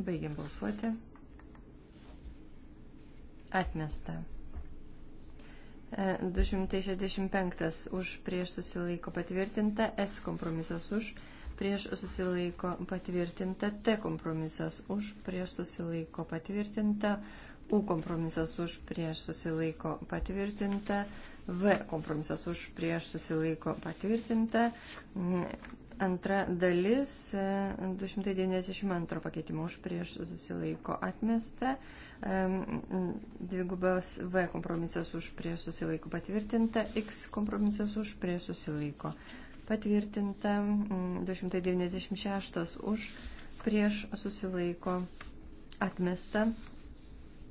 [SPEAKER 3] Baigiam balsuoti. Atmesta. 265 e, už prieš susilaiko patvirtinta, S kompromisas už prieš susilaiko patvirtinta, T kompromisas už prieš susilaiko patvirtinta, U kompromisas už prieš susilaiko patvirtinta, V kompromisas už prieš susilaiko patvirtinta, Antra dalis 292 e, pakeitimo už prieš susilaiko atmesta. E, dvigubas V kompromisas už prieš susilaiko patvirtinta. X kompromisas už prieš susilaiko patvirtinta. 296 už prieš susilaiko atmesta.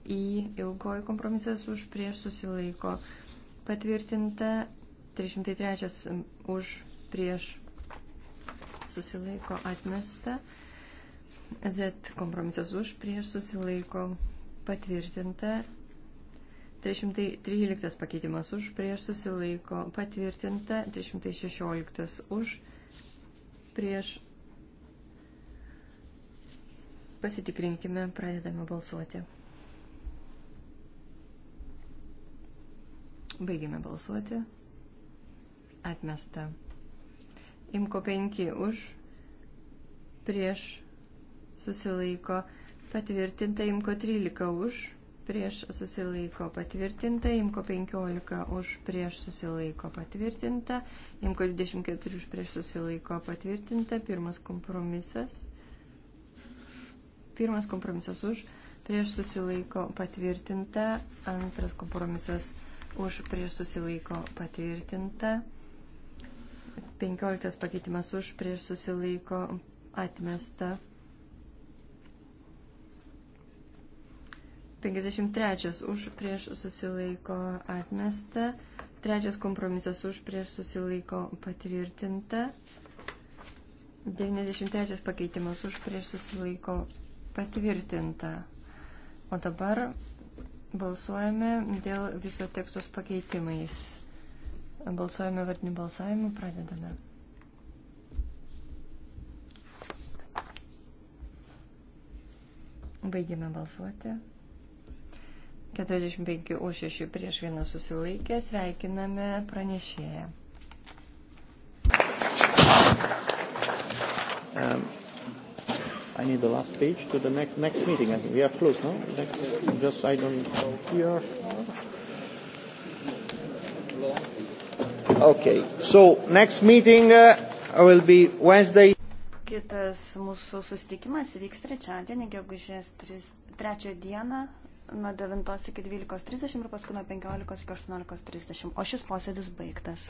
[SPEAKER 3] Į ilgoji kompromisas už prieš susilaiko patvirtinta. 303 už prieš susilaiko atmesta. Z kompromisas už prieš susilaiko patvirtinta. 313 pakeitimas už prieš susilaiko patvirtinta. 316 už prieš. Pasitikrinkime, pradedame balsuoti. Baigėme balsuoti. Atmesta. Imko 5 už, prieš susilaiko patvirtinta, Imko 13 už, prieš susilaiko patvirtinta, Imko 15 už, prieš susilaiko patvirtinta, Imko 24 už, prieš susilaiko patvirtinta, pirmas kompromisas. Pirmas kompromisas už, prieš susilaiko patvirtinta, antras kompromisas už, prieš susilaiko patvirtinta. 15 pakeitimas už prieš susilaiko atmesta. 53 už prieš susilaiko atmesta. Trečias kompromisas už prieš susilaiko patvirtinta. 93 pakeitimas už prieš susilaiko patvirtinta. O dabar balsuojame dėl viso tekstos pakeitimais. Balsuojame vardiniu balsavimu, pradedame. Baigėme balsuoti. 45 už 6 prieš vieną susilaikę. Sveikiname pranešėją.
[SPEAKER 2] Um, I need the last page to the next, next meeting. I think we are close, no? Next,
[SPEAKER 1] just I don't... Here. Okay. So, next meeting uh, will be Wednesday. Kitas
[SPEAKER 2] mūsų susitikimas vyks trečiadienį, gegužės 3 dieną, nuo 9 iki 12.30 ir paskui nuo 15 iki 18.30. O šis posėdis baigtas.